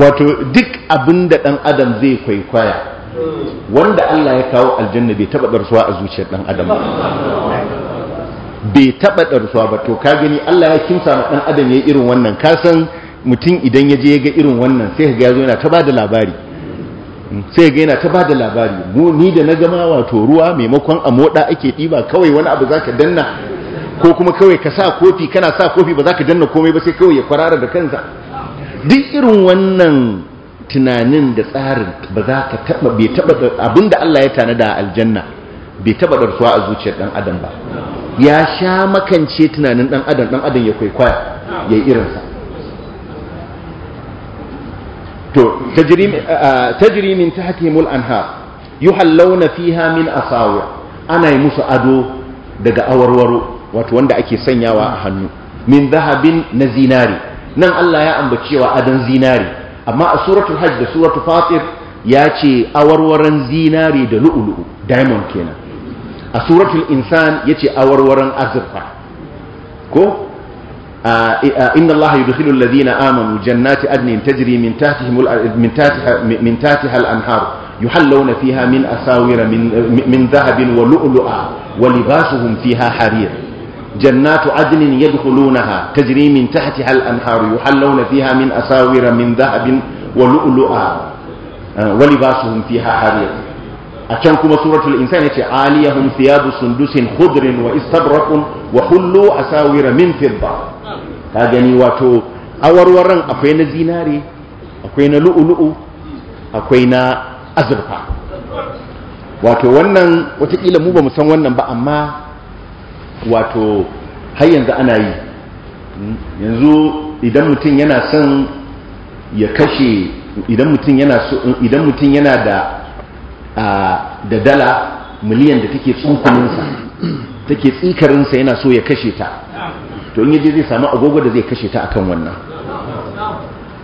wato duk abin da ɗan adam zai kwaikwaya wanda Allah ya kawo aljanna bai taɓa ɗarsuwa a zuciyar ɗan adam bai taba ɗarsuwa ba to ka gani Allah ya kimsa ma ɗan adam ya irin wannan kasan mutum idan ya je ya ga irin wannan sai ga yazo yana ta ba da labari hmm, sai ga yana ta ba da labari ni da na gama wato ruwa maimakon a moɗa ake ɗiba kawai wani abu za ka danna ko kuma kawai ka sa kofi kana sa kofi ba za ka danna komai ba sai kawai ya kwarara da kansa duk irin wannan tunanin da tsarin ba za ka taba bai taba abinda Allah ya da aljanna bai taba darsuwa a zuciyar dan adam ba ya sha makance tunanin dan adam dan adam ya kwaikwaya ya yi irinsa to tajri min tahtihimul anhar yuhallawna fiha min asawi ana yi musu ado daga awarwaro wato wanda ake sanyawa a hannu min zahabin na zinari nan Allah ya ambaci cewa adan zinari amma a suratul hajj da suratul fatir ya ce awarwaran zinari da lu'ulu'u diamond kenan a suratul insan ya ce awarwaran azurfa ko inna Allah yudkhilu alladhina amanu jannati adnin tajri min tahtihim min tahtiha min tahtiha al-anhar yuhallawna fiha min asawira min dhahabin wa lu'lu'a wa libasuhum fiha harir جنات عدن يدخلونها تجري من تحتها الأنهار يحلون فيها من أساور من ذهب ولؤلؤا ولباسهم فيها حرير أتشانكم سورة الإنسان عاليهم ثياب سندس خضر وإستبرق وحلوا أساور من فضة كاجني واتو أور ورن أكوين زيناري أكوين لؤلؤ أكوين أزرقا wato wannan watakila mu ba mu san wannan ba amma wato har yanzu ana yi yanzu idan mutum yana son ya kashe idan mutum yana idan mutum yana da da dala miliyan da take tsunkuninsa take tsikarinsa yana so ya kashe ta to in yaje zai samu agogo da zai kashe ta akan wannan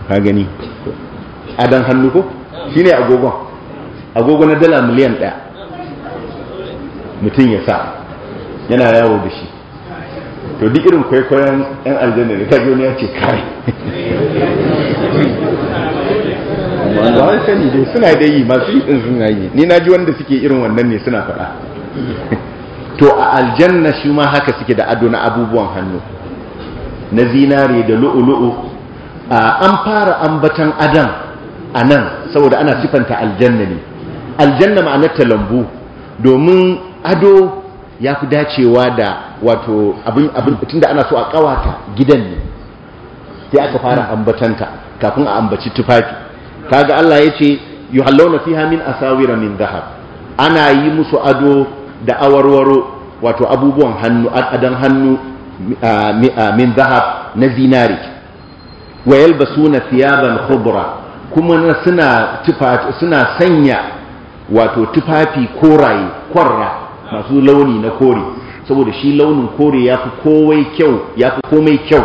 ka gani adan hannu ko shine agogon agogo na dala miliyan ɗaya mutum ya sa yana yawo da shi to duk irin kwaikwayon yan aljanna da kajo ne ya ce kai ba wani sani dai suna da yi masu yi din suna yi ni na ji wanda suke irin wannan ne suna faɗa <laughs> to a aljanna shi ma haka suke da ado na abubuwan hannu na zinare da lu'ulu'u an fara ambatan adam a nan saboda ana sifanta aljanna ne aljanna ma'anarta lambu domin ado ya fi dacewa da wato abin abin tunda ana so a kawata gidan ne sai aka fara ambatanta kafin a ambaci tufafi kaga Allah ya ce yuhallawna fiha min asawira min dhahab ana yi musu ado da awarwaro wato abubuwan hannu adan hannu min dhahab na zinari wa yalbasuna thiyaban khudra kuma suna suna sanya wato tufafi koraye kwarra masu launi na kore saboda shi launin kore ya fi kowai kyau ya fi komai kyau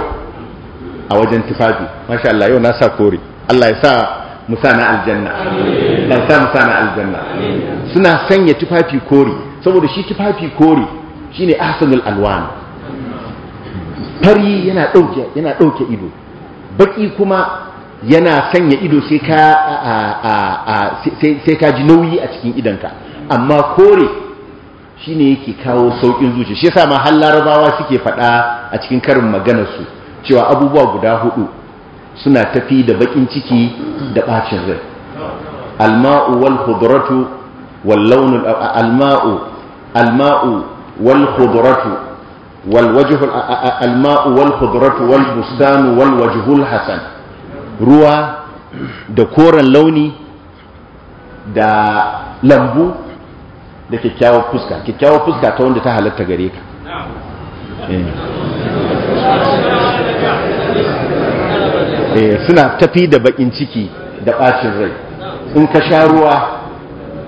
a wajen tufafi masha Allah yau na sa kore Allah ya sa musana aljanna Allah ya sa musana aljanna suna sanya tufafi kore saboda shi tufafi kore shi ne ahsanul alwan fari yana ɗauke yana dauke ido baki kuma yana sanya ido sai ka sai ka ji nauyi a cikin idanka amma kore shi ne yake kawo sauƙin zuci shi sa ma larabawa suke faɗa a cikin karin maganarsu cewa abubuwa guda hudu suna tafi da bakin ciki da bacin rai alma'u wal khudratu wal launul alma'u alma'u wal wal wajhu alma'u wal wal bustan wal wajhu hasan ruwa da koren launi da lambu da kyakkyawar fuska kyakkyawar fuska ta wanda ta halatta gare ka eh. Eh, suna tafi da bakin ciki da bacin rai in ka sha ruwa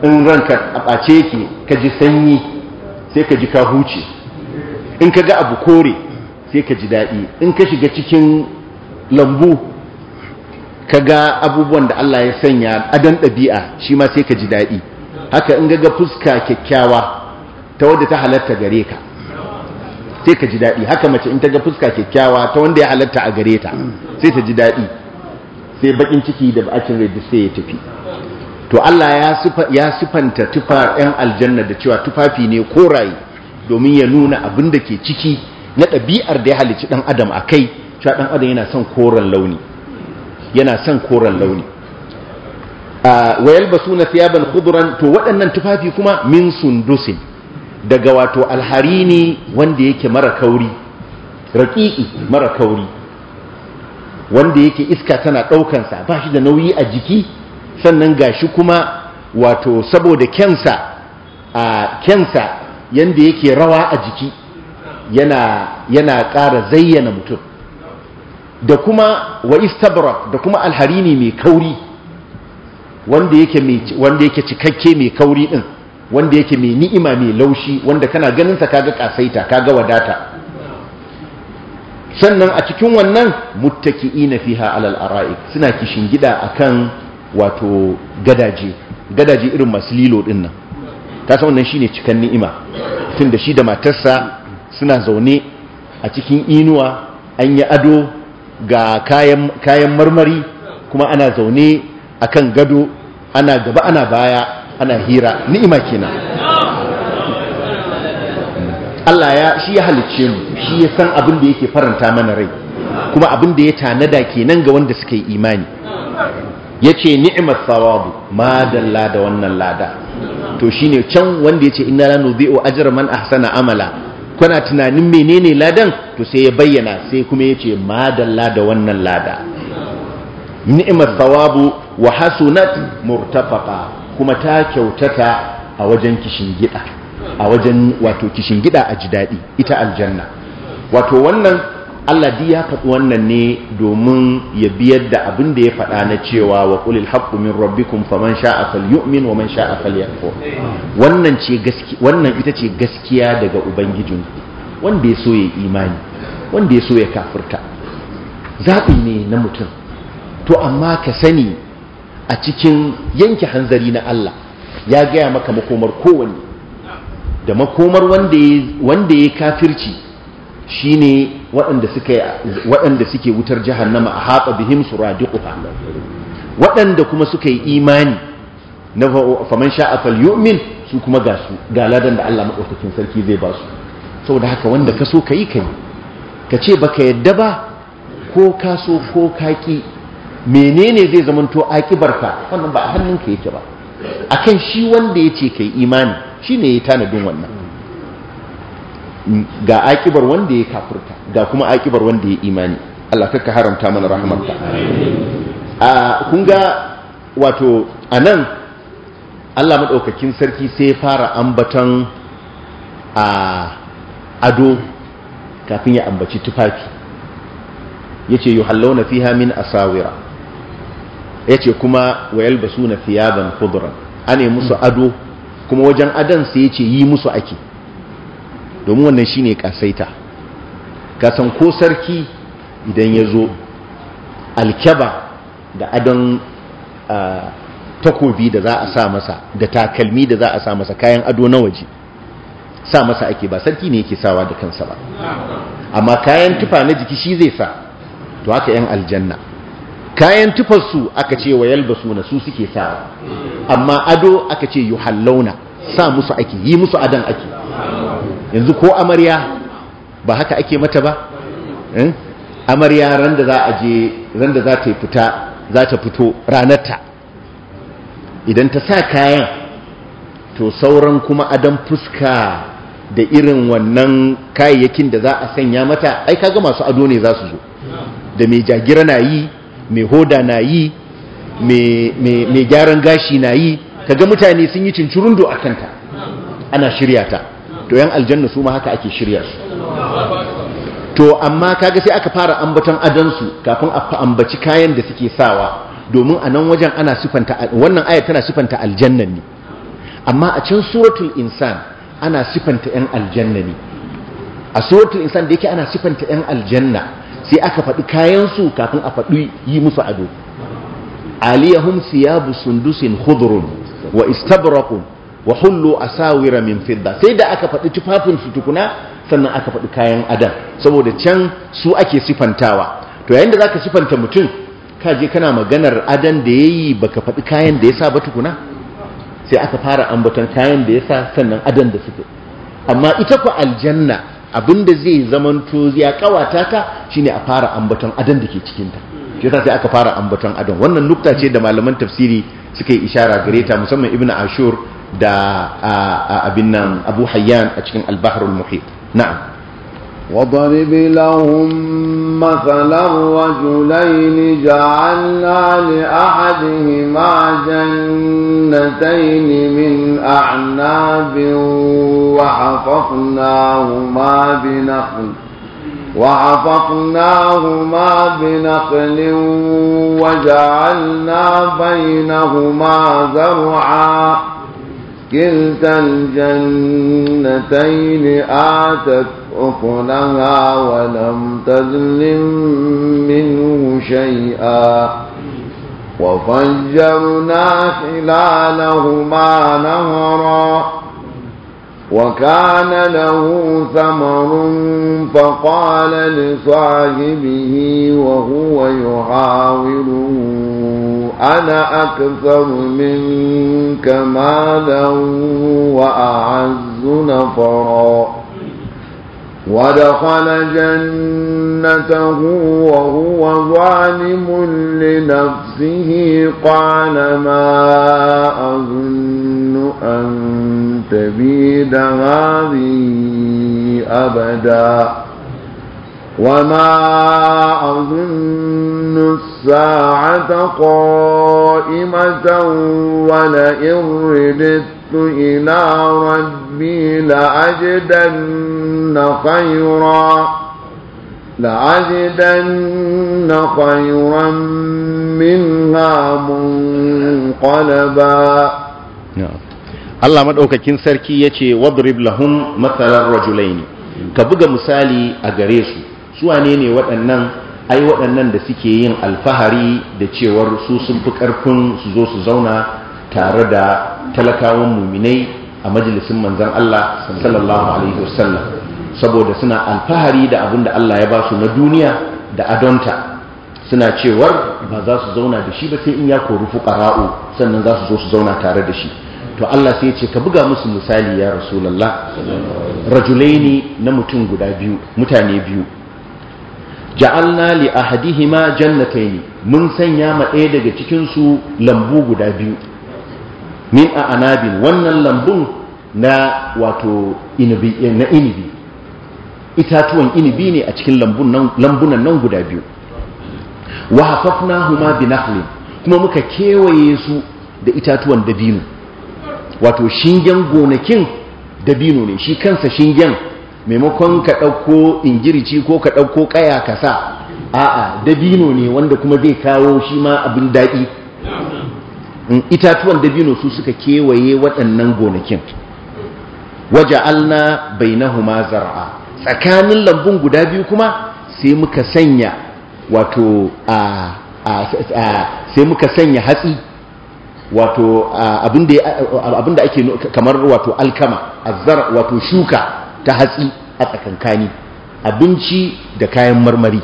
in ranka a ɓace yake ka ji sanyi sai ka ji ka huce in ka ga abu kore sai ka ji daɗi in ka shiga cikin lambu ka ga abubuwan da Allah ya sanya adan ɗabi'a shi ma sai ka ji daɗi haka in gaga fuska kyakkyawa ta wanda ta halatta gare ka sai ka ji daɗi haka mace in ta ga fuska kyakkyawa ta wanda ya halatta a gare ta sai ta ji daɗi sai bakin ciki da bakin rai sai ya tafi to Allah ya sufanta tufa ɗan aljanna da cewa tufafi ne koraye domin ya nuna abin da ke ciki na ɗabi'ar da ya halici ɗan adam a kai cewa ɗan adam yana son koren launi yana son koren launi wa yalbasuna thiyaban khudran to waɗannan tufafi kuma min sundusin daga wato alharini wanda yake mara kauri raqiqi mara kauri wanda yake iska tana daukan sa ba shi da nauyi a jiki sannan gashi kuma wato saboda kensa a kensa yanda yake rawa a jiki yana yana ƙara zayyana mutum da kuma wa istabrak da kuma alharini mai kauri wanda yake cikakke mai kauri din wanda yake mai ni'ima mai laushi wanda kana ganin kaga kasaita kaga wadata sannan a cikin wannan muttaki'ina fiha alal ara'i suna kishin gida akan wato gadaje gadaje irin masu lilo din nan ka san wannan shine cikan ni'ima tun da shi da matarsa suna zaune a cikin inuwa an yi ado ga kayan marmari kuma ana zaune akan gado ana gaba ana baya ana hira ni'ima kenan Allah ya shi ya halicce mu shi ya san abin da yake faranta mana rai kuma abin da ya tanada kenan ga wanda suka yi imani yace ni'imat sawabu ma dalla da wannan lada to shine can wanda yace inna la nudhi'u ajra man ahsana amala kuna tunanin menene ladan to sai ya bayyana sai kuma yace ma dalla da wannan lada ni'imar thawabu wa hasunat murtafaqa kuma ta kyautata a wajen kishin gida, a wajen wato kishin gida a ji daɗi ita aljanna wato wannan Allah dai ya faɗi wannan ne domin ya biyar da abin da ya faɗa na cewa wa qulil haqqu min rabbikum faman sha'a falyu'min wa sha'a falyakfur wannan ce gaskiya wannan ita ce gaskiya daga ubangijin wanda ya so ya imani wanda ya so ya kafirta zaɓi ne na mutum to amma ka sani a cikin yanke hanzari na Allah ya gaya maka makomar kowanne da makomar wanda ya kafirci ne waɗanda suke wutar jahannama a haɓa bihim suradiquha waɗanda kuma suka yi imani na faman sha'a yomin su kuma ga su ga ladan da Allah maɗaukakin sarki zai ba su sau da haka wanda ka so ka yi ka yi ka ce baka yadda ba ko ka so ko ka ƙi. menene zai zama zamanto akibarka wannan ba a hannun ka yake ba akan shi wanda ya ce ka yi imani shi ne ya tanadin wannan ga akibar wanda ya kafurta ga kuma akibar wanda ya imani Allah ka haramta mana rahamarka a kun ga wato a nan Allah maɗaukakin sarki sai ya fara ambatan a ado kafin ya ambaci tufafi ya ce yi na fi asawira ya ce kuma wa yalbasuna thiyaban khudran yi musu ado kuma wajen adon sai ce yi musu ake domin wannan shi shine kasaita kasan ko sarki idan ya zo alkyaba da adon takobi da za a sa masa da takalmi da za a sa masa kayan ado na waje sa masa ake ba sarki ne yake sawa da kansa ba amma kayan tufa na jiki shi zai sa to haka yan aljanna kayan tufarsu aka ce wa 'Yalba' su suke sawa amma ado aka ce hallauna sa musu ake yi musu adan ake yanzu ko amarya ba haka ake mata ba eh? amarya ran da za a je ran da ta fita za ta fito ranarta idan ta sa kayan to sauran kuma adan fuska da irin wannan kayayyakin da za a sanya mata ai kaga masu ado ne za su zo da mai jagira na yi mai hoda na yi mai gyaran gashi na yi ga mutane sun yi cincirundo a kanta ana shirya ta to yan aljanna su ma haka ake shirya su to amma kaga sai aka fara ambaton adansu kafin a ambaci kayan da suke sawa domin a nan wajen ana sifanta wannan ayat tana sifanta aljanna ne amma a can suratul insan ana sifanta yan aljanna ne a suratul insan da yake ana sifanta yan aljanna sai aka faɗi kayansu kafin a faɗi yi musu ado aliyahum siyabu sundusin hudurun wa istabrakun wa hullu asawira min fidda sai da aka faɗi tufafin su tukuna sannan aka faɗi kayan adam saboda can su ake sifantawa to yayin da zaka sifanta mutum ka je kana maganar adam da yayi baka faɗi kayan da yasa ba tukuna sai aka fara ambaton kayan da yasa sannan adam da suke amma ita ku aljanna abinda zai zamanto ya kawata ta shine a fara ambaton adan da ke cikinta shi yasa sai aka fara ambaton adan wannan nukta ce da malaman tafsiri suka yi ishara gare ta musamman ibnu ashur da abin nan abu hayyan a cikin al muhit na'am واضرب لهم مثلا رجلين جعلنا لأحدهما جنتين من أعناب وحففناهما بنخل وحففناهما بنخل وجعلنا بينهما زرعا كلتا الجنتين آتت أكلها ولم تظلم منه شيئا وفجرنا خلالهما نهرا وكان له ثمر فقال لصاحبه وهو يحاوره أنا أكثر منك مالا وأعز نفرا ودخل جنته وهو ظالم لنفسه قال ما أظن أن تبيد هذه أبدا وما أظن الساعة قائمة ولئن رددت إلى رد ربي لأجدن خيرا لأجدن خيرا منها منقلبا Allah maɗaukakin sarki ya ce wadrib lahum matsalar ne, ka buga misali a gare su suwa ne ne waɗannan ai waɗannan da suke yin alfahari da cewar su sun fi ƙarfin su zo su zauna tare da talakawan muminai a majalisin manzan Allah sallallahu alaihi wasallam saboda suna alfahari da abin da Allah ya ba su na duniya da adonta suna cewar ba za su zauna da shi ba sai in ya kori fuqara'u sannan za su zo su zauna tare da shi to Allah sai ya ce ka buga musu misali ya rasulullah rajulaini na mutum guda biyu mutane biyu ja'alna li ahadihima jannatayn mun sanya ma ɗaya daga cikin su lambu guda biyu min a anabin wannan lambun na wato na inibi itatuwan inibi ne a cikin lambunan nan guda biyu wa hafafna huma bi nahlin kuma muka kewaye su da itatuwan dabino wato shingen gonakin dabino ne shi kansa shingen maimakon ka ɗauko ingirici ko ka ɗauko ƙaya ka sa a'a dabino ne wanda kuma zai kawo shi ma abin daɗi Mm, itatuwan dabino su suka kewaye waɗannan gonakin waje alna bai na zar'a tsakanin lambun guda biyu kuma sai muka sanya wato a sai muka sanya hatsi wato abinda ake kamar wato alkama azzar wato shuka ta hatsi a tsakankani abinci da kayan marmari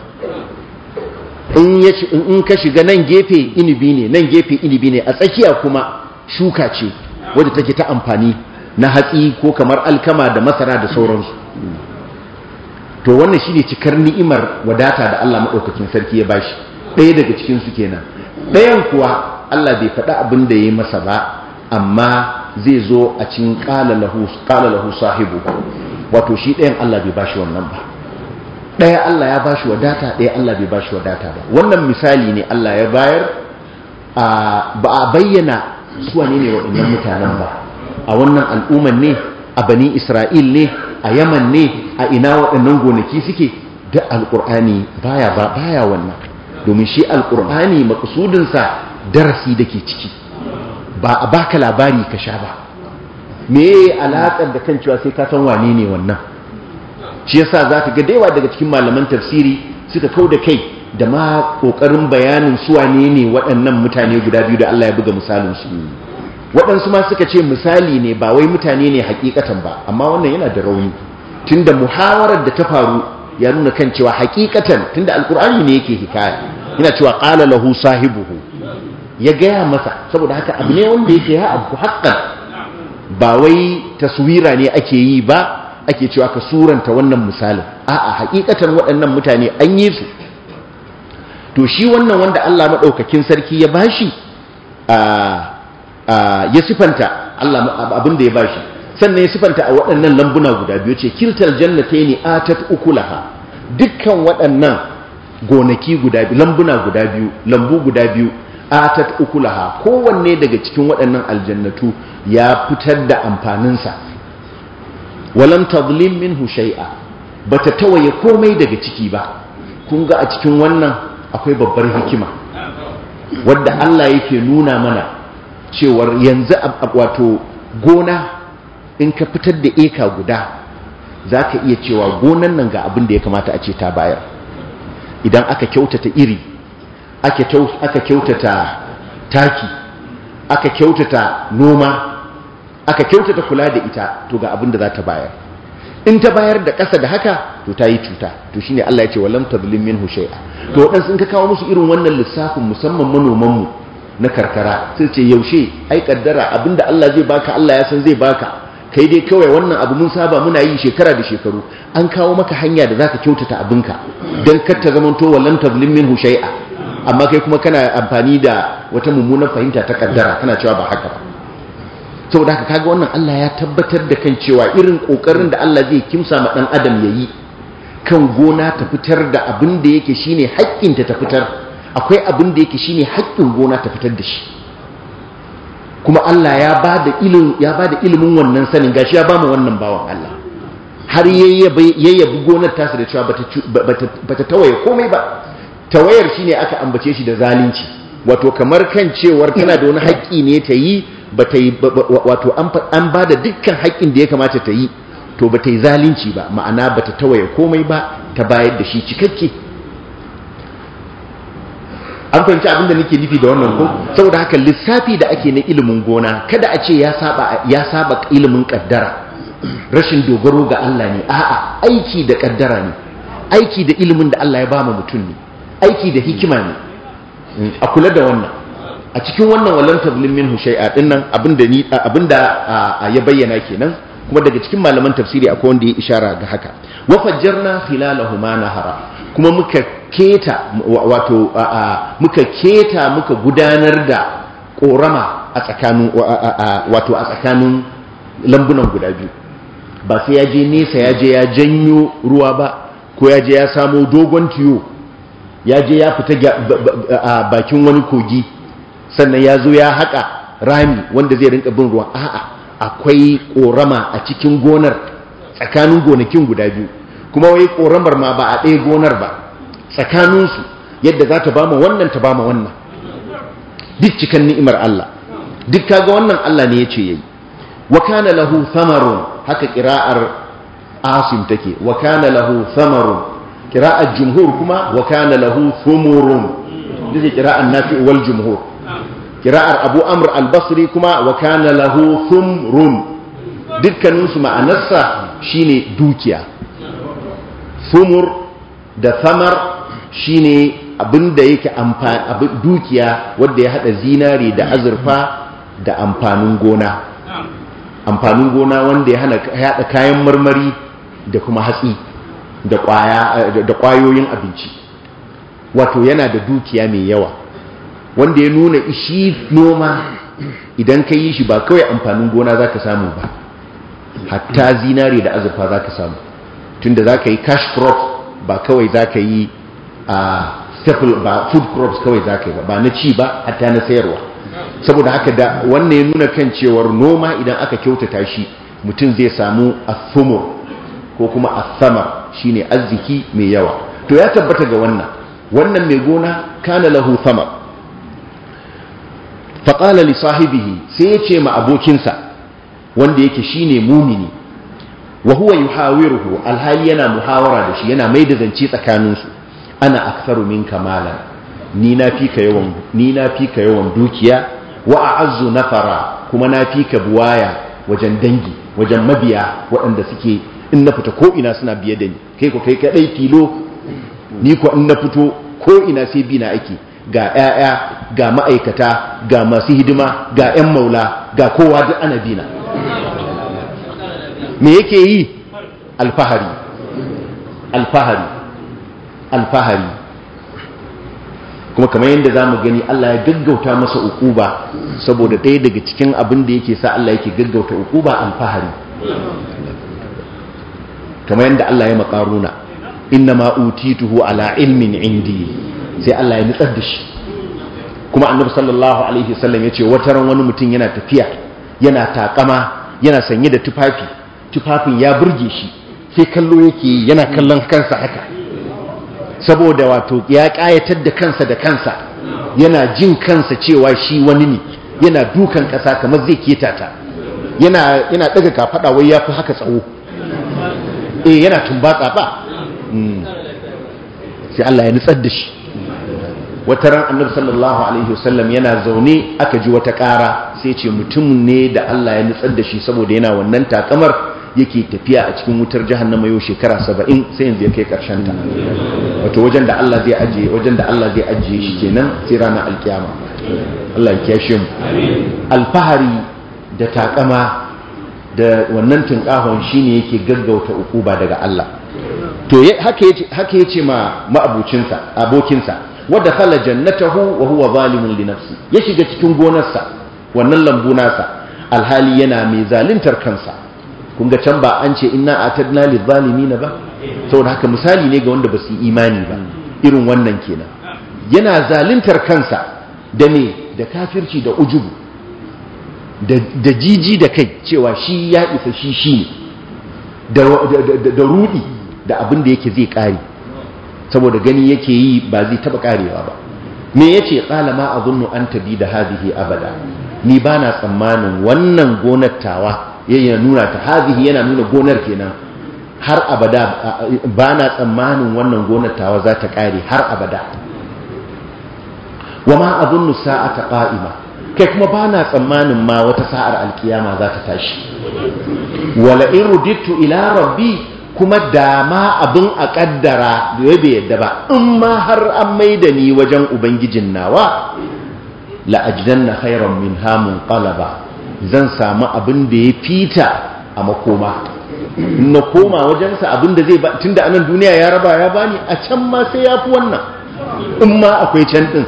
in ka shiga nan gefe inibi ne nan gefe inibi ne a tsakiya kuma shuka ce wadda take ta amfani na hatsi ko kamar alkama da masara da sauransu to wannan shine cikar ni'imar wadata da Allah maɗaukacin sarki ya ba shi. ɗaya daga cikin su kenan ɗayan kuwa Allah bai faɗa abin da yayi masa ba amma zai zo a cikin qala lahu qala lahu sahibu wato shi ɗayan Allah bai bashi wannan ba ɗaya Allah ya ba bashi wadata ɗaya Allah bai ba wa wadata ba wannan misali ne Allah ya bayar ba a bayyana su wane ne waɗannan mutanen ba a wannan al'umman ne a bani Isra'il ne a Yaman ne a ina waɗannan gonaki suke da alƙur'ani baya ba baya wannan domin shi alƙur'ani maƙasudinsa darasi da ke ciki ba a baka labari ka sha ba me alaƙar da kan cewa sai ka san wane ne wannan shi yasa za ka ga daiwa daga cikin malaman tafsiri suka kau da kai da ma ƙoƙarin bayanin suwa ne ne waɗannan mutane guda biyu da Allah ya buga misalinsu hmm. waɗansu ma suka ce misali ne ba wai mutane ne hakikatan ba amma wannan yana da rauni tunda muhawarar da ta faru ya nuna kan cewa hakikatan tunda alkur'ani ne yake hikaya yana cewa ƙala lahu sahibuhu ya gaya masa saboda haka abu ne wanda yake ya abu haƙƙan ba wai taswira ne ake yi ba ake cewa ka suranta wannan misalin a'a hakikatan waɗannan mutane an yi su to shi wannan wanda Allah maɗaukakin sarki ya bashi ya sifanta Allah abin da ya bashi sannan ya sifanta a waɗannan lambuna guda biyu ce kiltal jannatayn atat ukulaha dukkan waɗannan gonaki guda biyu lambuna guda biyu lambu guda biyu atat ukulaha kowanne daga cikin waɗannan aljannatu ya fitar da amfaninsa walam tadlim minhu shay'a bata tawaye komai daga ciki ba kun ga a cikin wannan akwai babbar hikima wadda Allah yake nuna mana cewar yanzu wato gona in ka fitar da eka guda za ka iya cewa gonan nan ga abin da ya kamata a ce ta bayar idan aka kyautata iri aka kyautata taki aka kyautata noma aka kyautata kula da ita to ga abin da za ta bayar in ta bayar da ƙasa da haka to ta yi cuta to shine Allah ya ce walam tadlim minhu shay'a to waɗansu in ka kawo musu irin wannan lissafin musamman manoman mu na karkara sai ce yaushe ai kaddara abinda Allah zai baka Allah ya san zai baka kai dai kawai wannan abu mun saba muna yi shekara da shekaru an kawo maka hanya da zaka kyautata abinka dan kar ta zamanto walam tadlim minhu shay'a amma kai kuma kana amfani da wata mummunar fahimta ta kaddara kana cewa ba haka ba da haka kaga wannan Allah ya tabbatar da kan cewa irin kokarin da Allah zai kimsa ma ɗan adam ya yi kan gona ta fitar da abin da yake shi haƙƙin ta ta fitar akwai abin da yake ne haƙƙin gona ta fitar da shi kuma Allah ya ba da ilimin wannan sanin gashi ya bamu wannan bawan Allah har yabi gonar tasu da cewa bata tawaye komai ba tawayar shi ne aka ambace shi da zalunci wato kamar kan cewar tana da wani haƙƙi ne ta yi ba yi wato an ba da dukkan haƙƙin da ya kamata ta yi to batai zalunci ba ma'ana bata ta tawaye komai ba ta bayar da shi cikakke an fahimci abinda nake nufi da wannan ko saboda haka lissafi da ake na ilimin gona kada a ce ya saba ilimin kaddara rashin dogaro ga Allah ne a'a aiki da kaddara ne aiki da ilimin da Allah ya ba mutum ne aiki da hikima ne a kula da wannan a cikin wannan walan tablin min hushai a nan abinda ni ya bayyana kenan kuma daga cikin malaman tafsiri akwai wanda ya ishara ga haka wa fajjarna khilalahuma nahara kuma muka keta wato muka keta muka gudanar da korama a tsakanin wato a tsakanin lambunan guda biyu ba sai ya je nesa ya je ya janyo ruwa ba ko ya je ya samo dogon tiyo ya je ya fita bakin wani kogi sannan ya zo ya haƙa rami wanda zai rinka bin ruwan a'a akwai ƙorama a cikin gonar tsakanin gonakin guda biyu kuma wai ƙoramar ma ba a ɗaya gonar ba tsakaninsu yadda za ta bama wannan ta bama wannan duk cikin ni'imar Allah duk kaga wannan Allah ne ya ce yayi wa kana lahu thamarun haka qira'ar asim take wa kana lahu thamarun qira'ar jumhur kuma wa kana lahu thumurun duk qira'an nafi wal jumhur kira'ar abu amr al-basri kuma wa kana lahu thumrun dukkaninsu ma'anarsa shine dukiya thumur da thamar shine abinda yake amfani dukiya wanda ya hada zinari da azurfa da amfanin gona amfanin gona wanda ya hada kayan marmari da kuma hatsi da kwayoyin abinci wato yana da dukiya mai yawa wanda ya nuna ishi noma idan ka yi shi ba kawai amfanin gona za ka samu ba hatta zinare da azurfa za ka samu tunda za ka yi cash crops ba kawai za ka yi staple ba food crops kawai za ka yi ba na ci ba hatta na sayarwa saboda haka da wannan ya nuna kan cewar noma idan aka kyautata shi mutum zai samu asumur ko kuma asamar shine arziki mai yawa to ya tabbata ga wannan wannan mai gona kana lahu samar faƙala li sahibihi sai ya ce ma abokinsa wanda yake shine mumini wa huwa yuhawiruhu alhali yana muhawara da shi yana mai da zance tsakaninsu ana aksarumin minka malan ni na fi ka yawan ni na fi ka yawan dukiya wa a'azzu nafara kuma na fi ka buwaya wajen dangi wajen mabiya waɗanda suke in na fita ko ina suna biye da ni kai ko kai kadai kilo ni ko in na fito ko ina sai bi na ake ga 'ya'ya ga ma'aikata ga masu hidima ga 'yan maula ga kowa duk ana bina me yake yi alfahari alfahari alfahari kuma kamar yadda za mu gani Allah ya gaggauta masa ukuba saboda ɗaya daga cikin abin da yake sa Allah yake gaggauta ukuba alfahari kamar yadda Allah ya makaruna inna ma ala ilmin indi sai Allah ya nutsar da shi kuma annabi sallallahu alaihi wasallam ya ce ran wani mutum yana tafiya yana takama yana sanye da tufafi tufafin ya burge shi sai kallo yake yana kallon kansa haka saboda wato ya kayatar da kansa da kansa yana jin kansa cewa shi wani ne yana dukan ƙasa kamar zai ketata. yana yana daga kafada wai yafi haka tsawo eh yana tumbatsa ba hmm. sai Allah ya nutsar da shi wata ran annabi sallallahu alaihi wasallam yana zaune aka ji wata ƙara sai ce mutum ne da Allah ya nutsar da shi saboda yana wannan takamar yake tafiya a cikin wutar jahannama yau shekara saba'in sai yanzu ya kai karshen ta wato wajen da Allah zai ajiye wajen da Allah zai aje shi kenan sai ranar alkiyama Allah ya kiyashe mu alfahari da takama da wannan tinkahon shine yake gaggauta ukuba daga Allah to haka yace haka yace ma ma'abucinsa abokinsa Wadda dakhala jannatahu wa huwa zalimun li nafsi ya shiga cikin gonarsa wannan lambu nasa alhali yana mai zaluntar kansa kun ga can ba an ce inna atadna lil na ba saboda haka misali ne ga wanda ba su imani ba irin wannan kenan yana zaluntar kansa da me da kafirci da ujubu da jiji da kai cewa shi ya isa shi shi ne da rudi da abin da yake zai kare saboda gani yake yi ba zai taba karewa ba me yace qala ma azunnu an tabi da hadhihi abada ni bana tsammanin wannan gonar tawa yayin nuna ta hadhihi yana nuna gonar kenan har abada bana tsammanin wannan gonar tawa za ta kare har abada Wa ma azunnu sa'ata qa'ima kai kuma bana tsammanin ma wata sa'ar alkiyama za ta tashi wala in ruditu ila rabbi kuma dama abin a kaddara bai yadda ba in ma har an maida ni wajen ubangijin nawa la'ajidan na khairan min hamun qalaba zan samu abin da ya fita a makoma na koma wajensa abin da zai ba tunda anan duniya ya raba ya bani a can ma sai ya fi wannan in ma akwai can din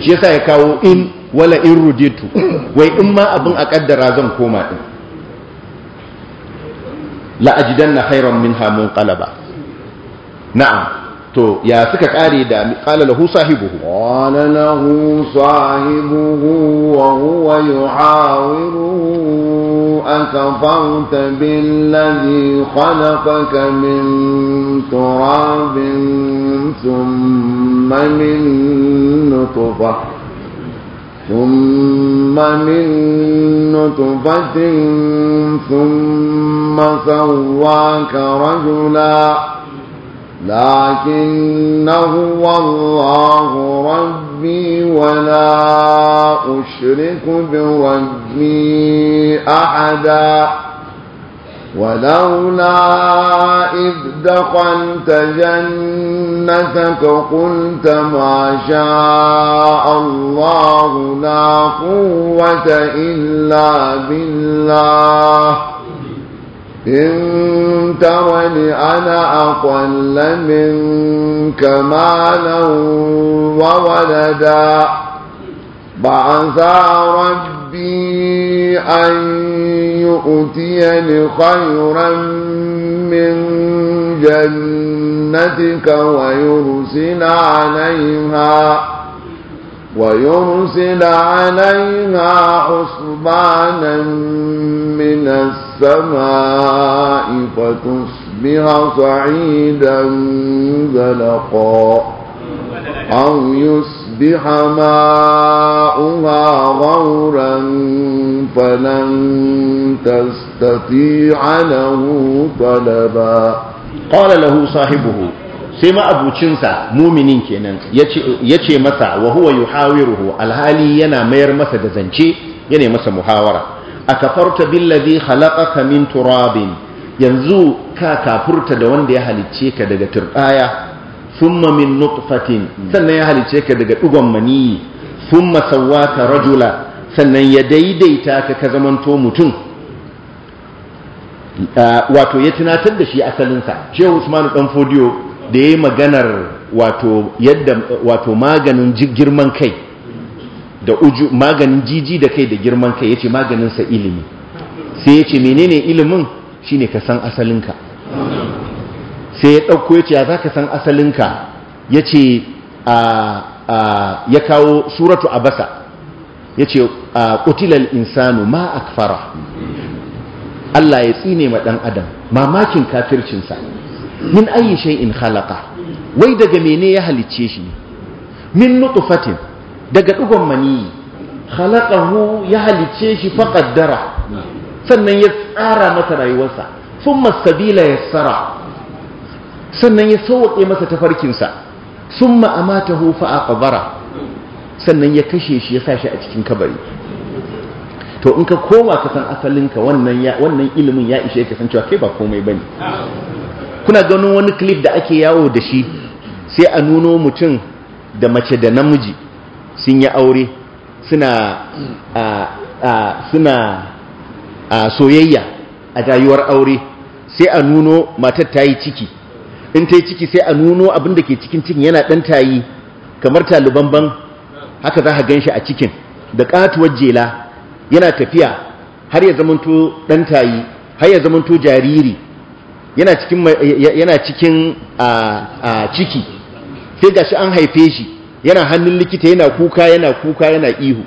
shi yasa ya kawo in wala in ruditu wai in ma abin a kaddara zan koma din la ajidanna khairan minha munqalaba na'am to ya suka kare da qala lahu sahibuhu qala lahu sahibuhu wa huwa yuhawiru akafarta billadhi khalaqaka min turabin thumma min nutfah ثم من نطفة ثم سواك رجلا لكن هو الله ربي ولا أشرك بربي أحدا ولولا إذ دخلت جنة إنك قلت ما شاء الله لا قوة إلا بالله إن ترني أنا أقل منك مالا وولدا بعثا ربي أن يؤتيني خيرا من جنة جنتك ويرسل عليها ويرسل عليها حسبانا من السماء فتصبح صعيدا زلقا أو يصبح ماؤها غورا فلن تستطيع له طلبا qala lahu sahibuhu sai ma abucinsa muminin kenan Ya ce masa wa huwa yuhawiruhu alhali yana mayar masa da zance yana masa muhawara akafarta billazi khalaqaka min turabin yanzu ka kafurta da wanda ya halicce ka daga turbaya thumma min nutfatin sannan ya halicce ka daga dugon maniyi thumma sawwaka rajula sannan ya daidaita ka ka zamanto mutum wato ya tunatar da shi asalinsa shehu usmanu dan fodiyo da ya yi maganar wato yadda wato maganin girman kai da uju maganin jiji da kai da girman kai ya ce maganinsa ilimi sai ya yace menene ilimin shine ka san asalinka sai ya ɗauko ya ce ya ka san asalinka yace a ya kawo suratu abasa yace ƙutilal insanu ma akfara Allah ya tsine ma ɗan adam mamakin kafircinsa min ayi shay'in khalaqa wai daga mene ya halicce shi min nutfatin daga dugon maniyi khalaqahu ya halicce shi faqaddara sannan ya tsara masa rayuwarsa thumma sabila yassara sannan ya sauke masa tafarkinsa thumma amatahu fa aqbara sannan ya kashe shi ya sa shi a cikin kabari to in ka koma ka san asalinka wannan wannan ilimin ya ishe ka san cewa kai ba komai bane kuna ganin wani clip da ake yawo da shi sai a nuno mutum da mace da namiji sun yi aure suna a suna a soyayya a rayuwar aure sai a nuno matar ta yi ciki in ta yi ciki sai a nuno abin da ke cikin cikin yana ɗan tayi kamar taliban ban haka za ka gan shi a cikin da ƙatuwar jela yana tafiya har ya zamanto dan tayi har ya zamanto jariri yana cikin yana cikin a ciki sai gashi an haife shi yana hannun likita yana kuka yana kuka yana ihu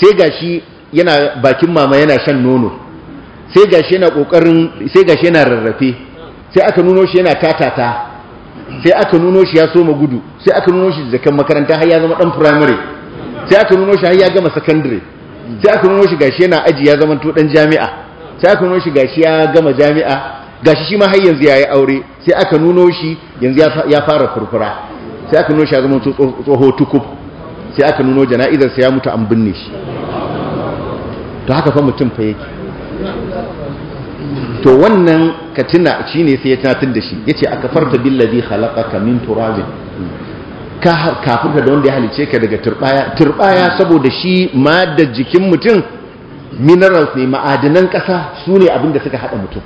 sai gashi yana bakin mama yana shan nono sai gashi yana kokarin sai gashi yana rarrafe sai aka nuno shi yana tatata sai aka nuno shi ya soma gudu sai aka nuno shi zakan makaranta har ya zama dan primary sai aka nuno shi har ya gama secondary sai aka nuno shi gashi yana aji ya zama dan jami'a sai aka nuno shi gashi ya gama jami'a gashi shi ma har yanzu yayi aure sai aka nuno shi yanzu ya fara furfura sai aka nuno shi ya zama tsoho tukub sai aka nuno jana'izar sai ya mutu an binne shi to haka fa mutum fa yake to wannan katina shine sai ya tunatar da shi yace aka farta billazi khalaqaka min turabin ka da wanda ya halice ka daga turbaya turbaya saboda shi ma da jikin mutum minerals ne ma'adinan kasa su ne abinda suka hada mutum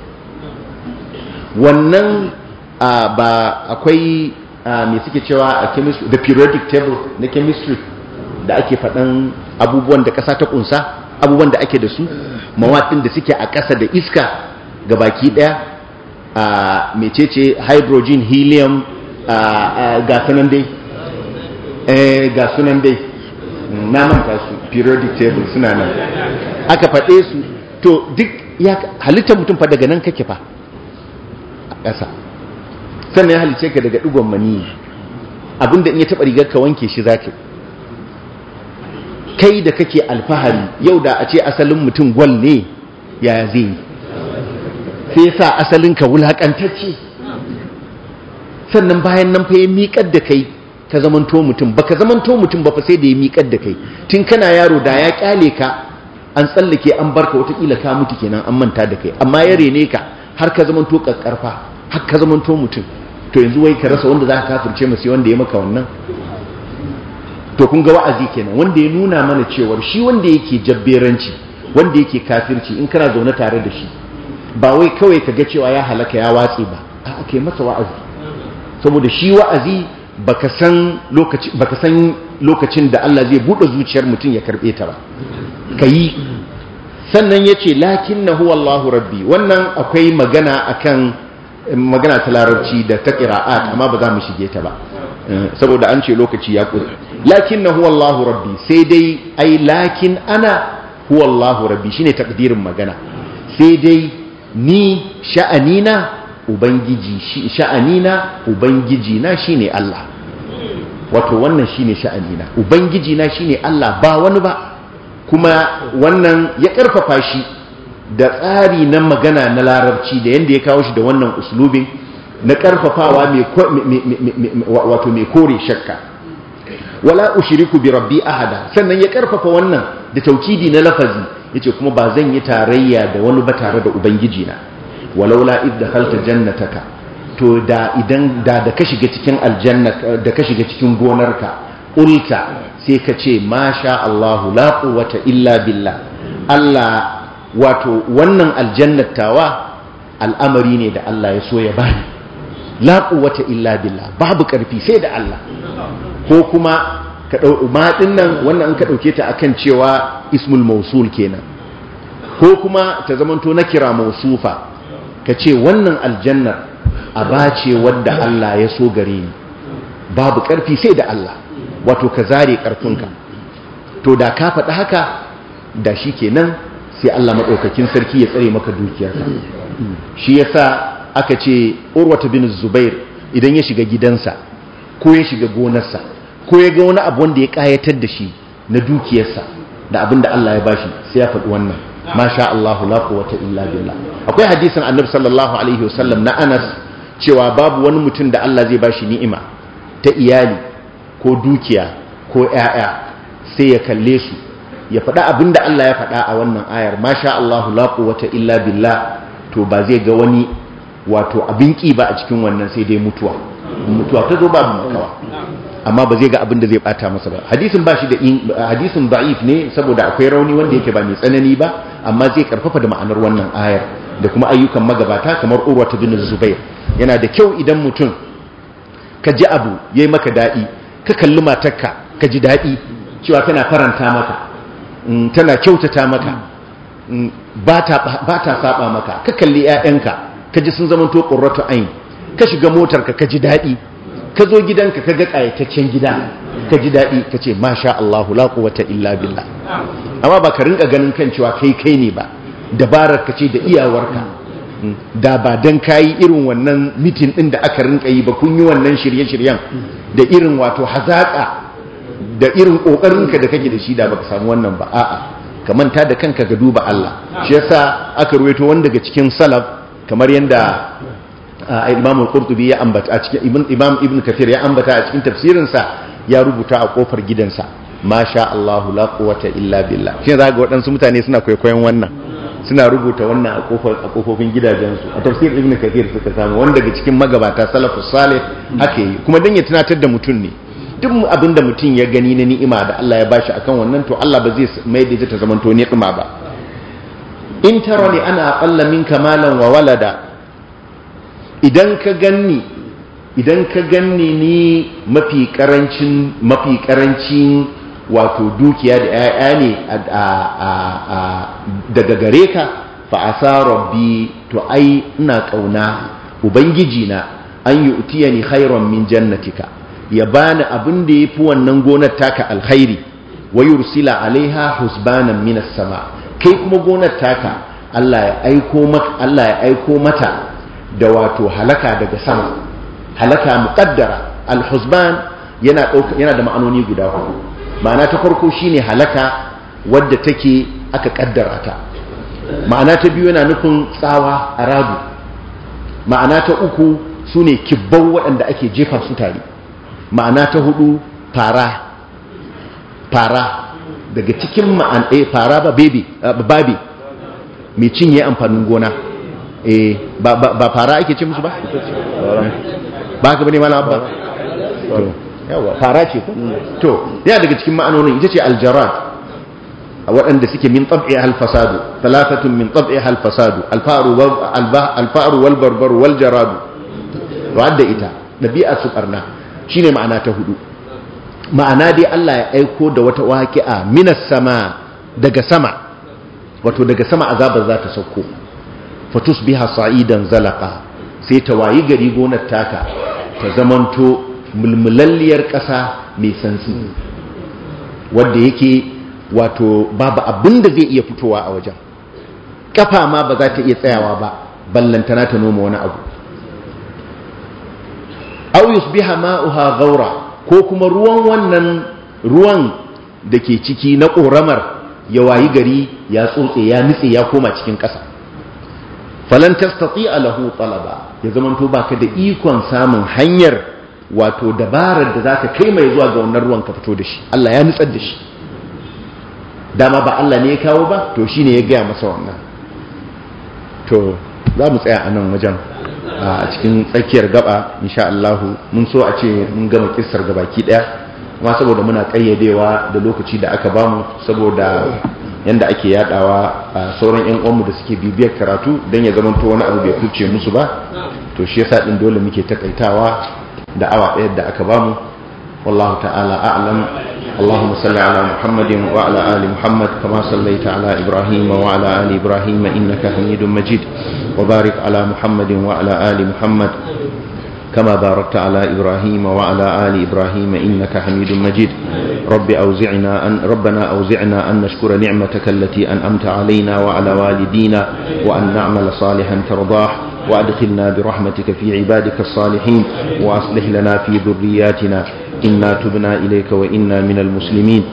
wannan ba akwai mai suke cewa a chemistry the periodic table na chemistry da ake faɗan abubuwan da ƙasa ta ƙunsa abubuwan da ake da su mawaɗin da suke a kasa da iska ga baki ɗaya a mecece hydrogen helium ga sanan dai Eh, ga sunan dai na manta su periodic table suna nan aka faɗe su to duk ya halittar mutum fa daga nan kake fa a ƙasa sannan ya halice ka daga ɗigon maniyi abinda in ya taɓa rigar ka wanke shi zaki kai da kake alfahari yau da a ce asalin mutum gwal ne ya zai yi sai sa asalin ka wulaƙantacce sannan bayan nan fa ya miƙar da kai ka zamanto mutum ba baka zamanto mutum ba fa sai da ya miƙar da kai tun kana yaro da ya ƙyale ka an tsallake an barka watakila ka mutu kenan an manta da kai amma ya rene ka har ka zamanto kakkarfa har ka zamanto mutum to yanzu wai ka rasa wanda za ka kafirce masu wanda ya maka wannan to kun ga wa'azi kenan wanda ya nuna mana cewar shi wanda yake jabberanci wanda yake kafirci in kana zaune tare da shi ba wai kawai ka ga cewa ya halaka ya watse ba a kai masa wa'azi saboda shi wa'azi baka san lokacin da Allah zai buɗe zuciyar mutum ya karɓe ta ba ka yi sannan ya ce lakin na huwa Allahu rabbi wannan akwai magana akan magana ta larabci da ta ƙira'at amma ba za mu shige ta ba eh, saboda an ce lokaci ya ƙuri lakin na huwa Allahu rabbi sai dai ai lakin ana huwa Allahu rabbi shine takdirin magana sai dai ni sha'anina ubangiji sha'anina ubangiji na shine Allah wato wannan shine sha'anina ubangiji na shine Allah ba wani ba kuma wannan ya ƙarfafa shi da tsari na magana na larabci da yanda ya kawo shi da wannan uslubin na karfafawa mai wato mai kore shakka wala ushiriku bi rabbi ahada sannan ya ƙarfafa wannan da taukidi na lafazi yace kuma ba zan yi tarayya da wani ba tare da ubangijina. walaula idda dakhalta jannataka to da idan da da ka shiga cikin aljanna da ka shiga cikin gonarka ulta sai ka ce masha Allah la quwwata illa billah Allah wato wannan aljannatawa al'amari ne da Allah ya so ya bani la quwwata illa billah babu karfi sai da Allah ko kuma ka dau ma nan wannan an ka dauke ta akan cewa ismul mausul kenan ko kuma ta zamanto na kira mausufa ka ce wannan aljannar ba ce wadda Allah ya so gare ni babu ƙarfi sai da Allah wato ka zare ƙarfinka to da ka faɗi haka da shi kenan sai Allah maɗaukakin sarki ya tsare maka dukiyarka shi ya sa aka ce urwata bin zubair idan ya shiga gidansa ko ya shiga gonarsa ko ya ga wani abu wanda ya ƙayatar da shi na dukiyarsa da abin da Allah ya bashi sai ya faɗi wannan ma sha Allah la quwwata illa billah akwai hadisin annabi sallallahu alaihi wasallam na Anas cewa babu wani mutum da Allah zai bashi ni'ima ta iyali ko dukiya ko ƴaƴa sai ya kalle su ya faɗa abin da Allah ya faɗa a wannan ayar ma sha Allah la quwwata illa billah to ba zai ga wani wato abin ki ba a cikin wannan sai dai mutuwa mutuwa ta zo babu makawa amma ba zai ga abin da zai bata masa ba hadisin ba shi da hadisin da'if ne saboda akwai rauni wanda yake ba mai tsanani ba amma zai karfafa da ma'anar wannan ayar da kuma ayyukan magabata kamar ta bin zubair yana da kyau idan mutum ka ji abu yayi maka dadi ka kalli matarka ka ji dadi cewa tana faranta maka mm, tana kyautata maka mm, ba ta saba maka ka kalli 'ya'yanka ka ji sun zamanto qurratu ain ka shiga motarka ka ji dadi ka zo gidanka ka ga ƙayataccen gida ka ji daɗi ka ce masha Allahu la quwwata illa billa amma ba ka rinka ganin kan cewa kai kai ne ba dabarar ka ce da iyawarka mm. da ba dan kayi irin wannan mitin ɗin da aka rinka yi ba kun yi wannan shirye-shiryen da irin wato hazaka da irin ka da kake da shi da baka samu wannan ba a'a ka manta da kanka ga duba Allah shi yasa aka ruwaito wanda daga cikin salaf kamar yanda imam al-qurtubi ya ambata a cikin imam ibn kathir ya ambata a cikin sa ya rubuta a kofar gidansa masha Allah la quwwata illa billah shin za ga waɗansu mutane suna kwaikwayon wannan suna rubuta wannan a kofar a kofofin gidajensu a tafsir ibn kathir suka samu wanda daga cikin magabata salafus salih haka yi kuma dan ya tunatar da mutum ne duk abin da mutum ya gani na ni'ima da Allah ya bashi akan wannan to Allah ba zai mai da ta zamanto ni'ima ba in tarani ana aqalla minka malan wa walada idan ka ganni idan ka ganni ni mafi karancin mafi karancin wato dukiya da 'ya'ya ne daga gare ka fa asa rabbi to ai ina kauna ubangiji na an yi utiya ni khairan min jannatika ya bani abin da yafi wannan gonar taka alkhairi wa yursila alaiha husbanan minas sama kai kuma gonar taka Allah ya aiko mata da wato halaka daga sama halaka muqaddara alhuzban yana yana da ma'anoni guda hudu ma'ana ta farko shine halaka wadda take aka ƙaddara ta ma'ana ta biyu yana nufin tsawa aradu ma'ana ta uku sune kibban waɗanda ake jefa su tare ma'ana ta hudu fara fara daga cikin ma'an ɗaya eh, fara ba babi. mai cinye amfanin gona eh ba fara ake ce musu ba ba ka bane malam abba to yawa fara ce ko to ya daga cikin ma'anonin ita ce A waɗanda suke min tsab'i alfasadu talatatun min tsab'i alfasadu alfa'aru wal barbar wal jaradu wadda ita biya su ɓarna shi ne ma'ana ta hudu ma'ana dai Allah ya aiko da wata waƙi'a minas sama daga sama wato daga sama azabar za ta sauko Fatus biha sa'idan zalaka sai ta wayi gari gonar taka ta zamanto mulmulalliyar ƙasa mai santsi wanda yake wato babu abin da zai iya fitowa a wajen kafa ma ba za ta iya tsayawa ba ballantana ta noma wani abu aw yusbiha ma'uha ghawra ko kuma ruwan wannan ruwan da ke ciki na ƙoramar ya wayi gari ya tsotse ya nitse ya koma cikin ƙasa falan tastati'a lahu talaba ya zamanto baka da ikon samun hanyar wato dabarar da zaka kai mai zuwa ga wannan ruwan ka fito da shi Allah ya nutsar da shi dama ba Allah ne ya kawo ba to shi ne ya gaya masa wannan to za mu tsaya a nan wajen a cikin tsakiyar gaba insha Allah mun so a ce mun gama kissar gabaki daya amma saboda muna kayyadewa da lokaci da aka bamu saboda yanda ake yadawa a sauran yan uwanmu da suke bibiyar karatu don ya zama to wani abu bai kurce musu ba to shi yasa din dole muke takaitawa da awa ɗaya da aka bamu wallahu ta'ala a'lam اللهم صل على محمد وعلى آل محمد كما صليت على إبراهيم وعلى آل إبراهيم إنك حميد مجيد وبارك على محمد وعلى آل محمد كما باركت على إبراهيم وعلى آل إبراهيم إنك حميد مجيد رب أوزعنا أن ربنا أوزعنا أن نشكر نعمتك التي أنعمت علينا وعلى والدينا وأن نعمل صالحا ترضاه وأدخلنا برحمتك في عبادك الصالحين وأصلح لنا في ذرياتنا إنا تبنا إليك وإنا من المسلمين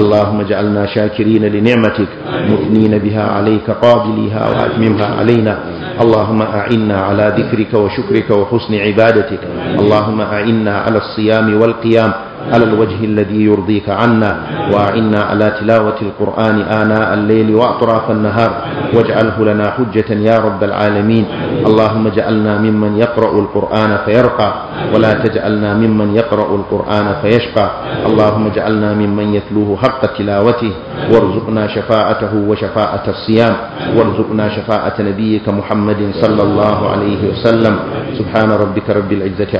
اللهم اجعلنا شاكرين لنعمتك مثنين بها عليك قابليها وأتممها علينا اللهم أعنا على ذكرك وشكرك وحسن عبادتك اللهم أعنا على الصيام والقيام على الوجه الذي يرضيك عنا وأعنا على تلاوة القرآن آناء الليل وأطراف النهار واجعله لنا حجة يا رب العالمين اللهم اجعلنا ممن يقرأ القرآن فيرقى ولا تجعلنا ممن يقرأ القرآن فيشقى اللهم اجعلنا ممن يتلوه حق تلاوته وارزقنا شفاعته وشفاعة الصيام وارزقنا شفاعة نبيك محمد صلى الله عليه وسلم سبحان ربك رب العزة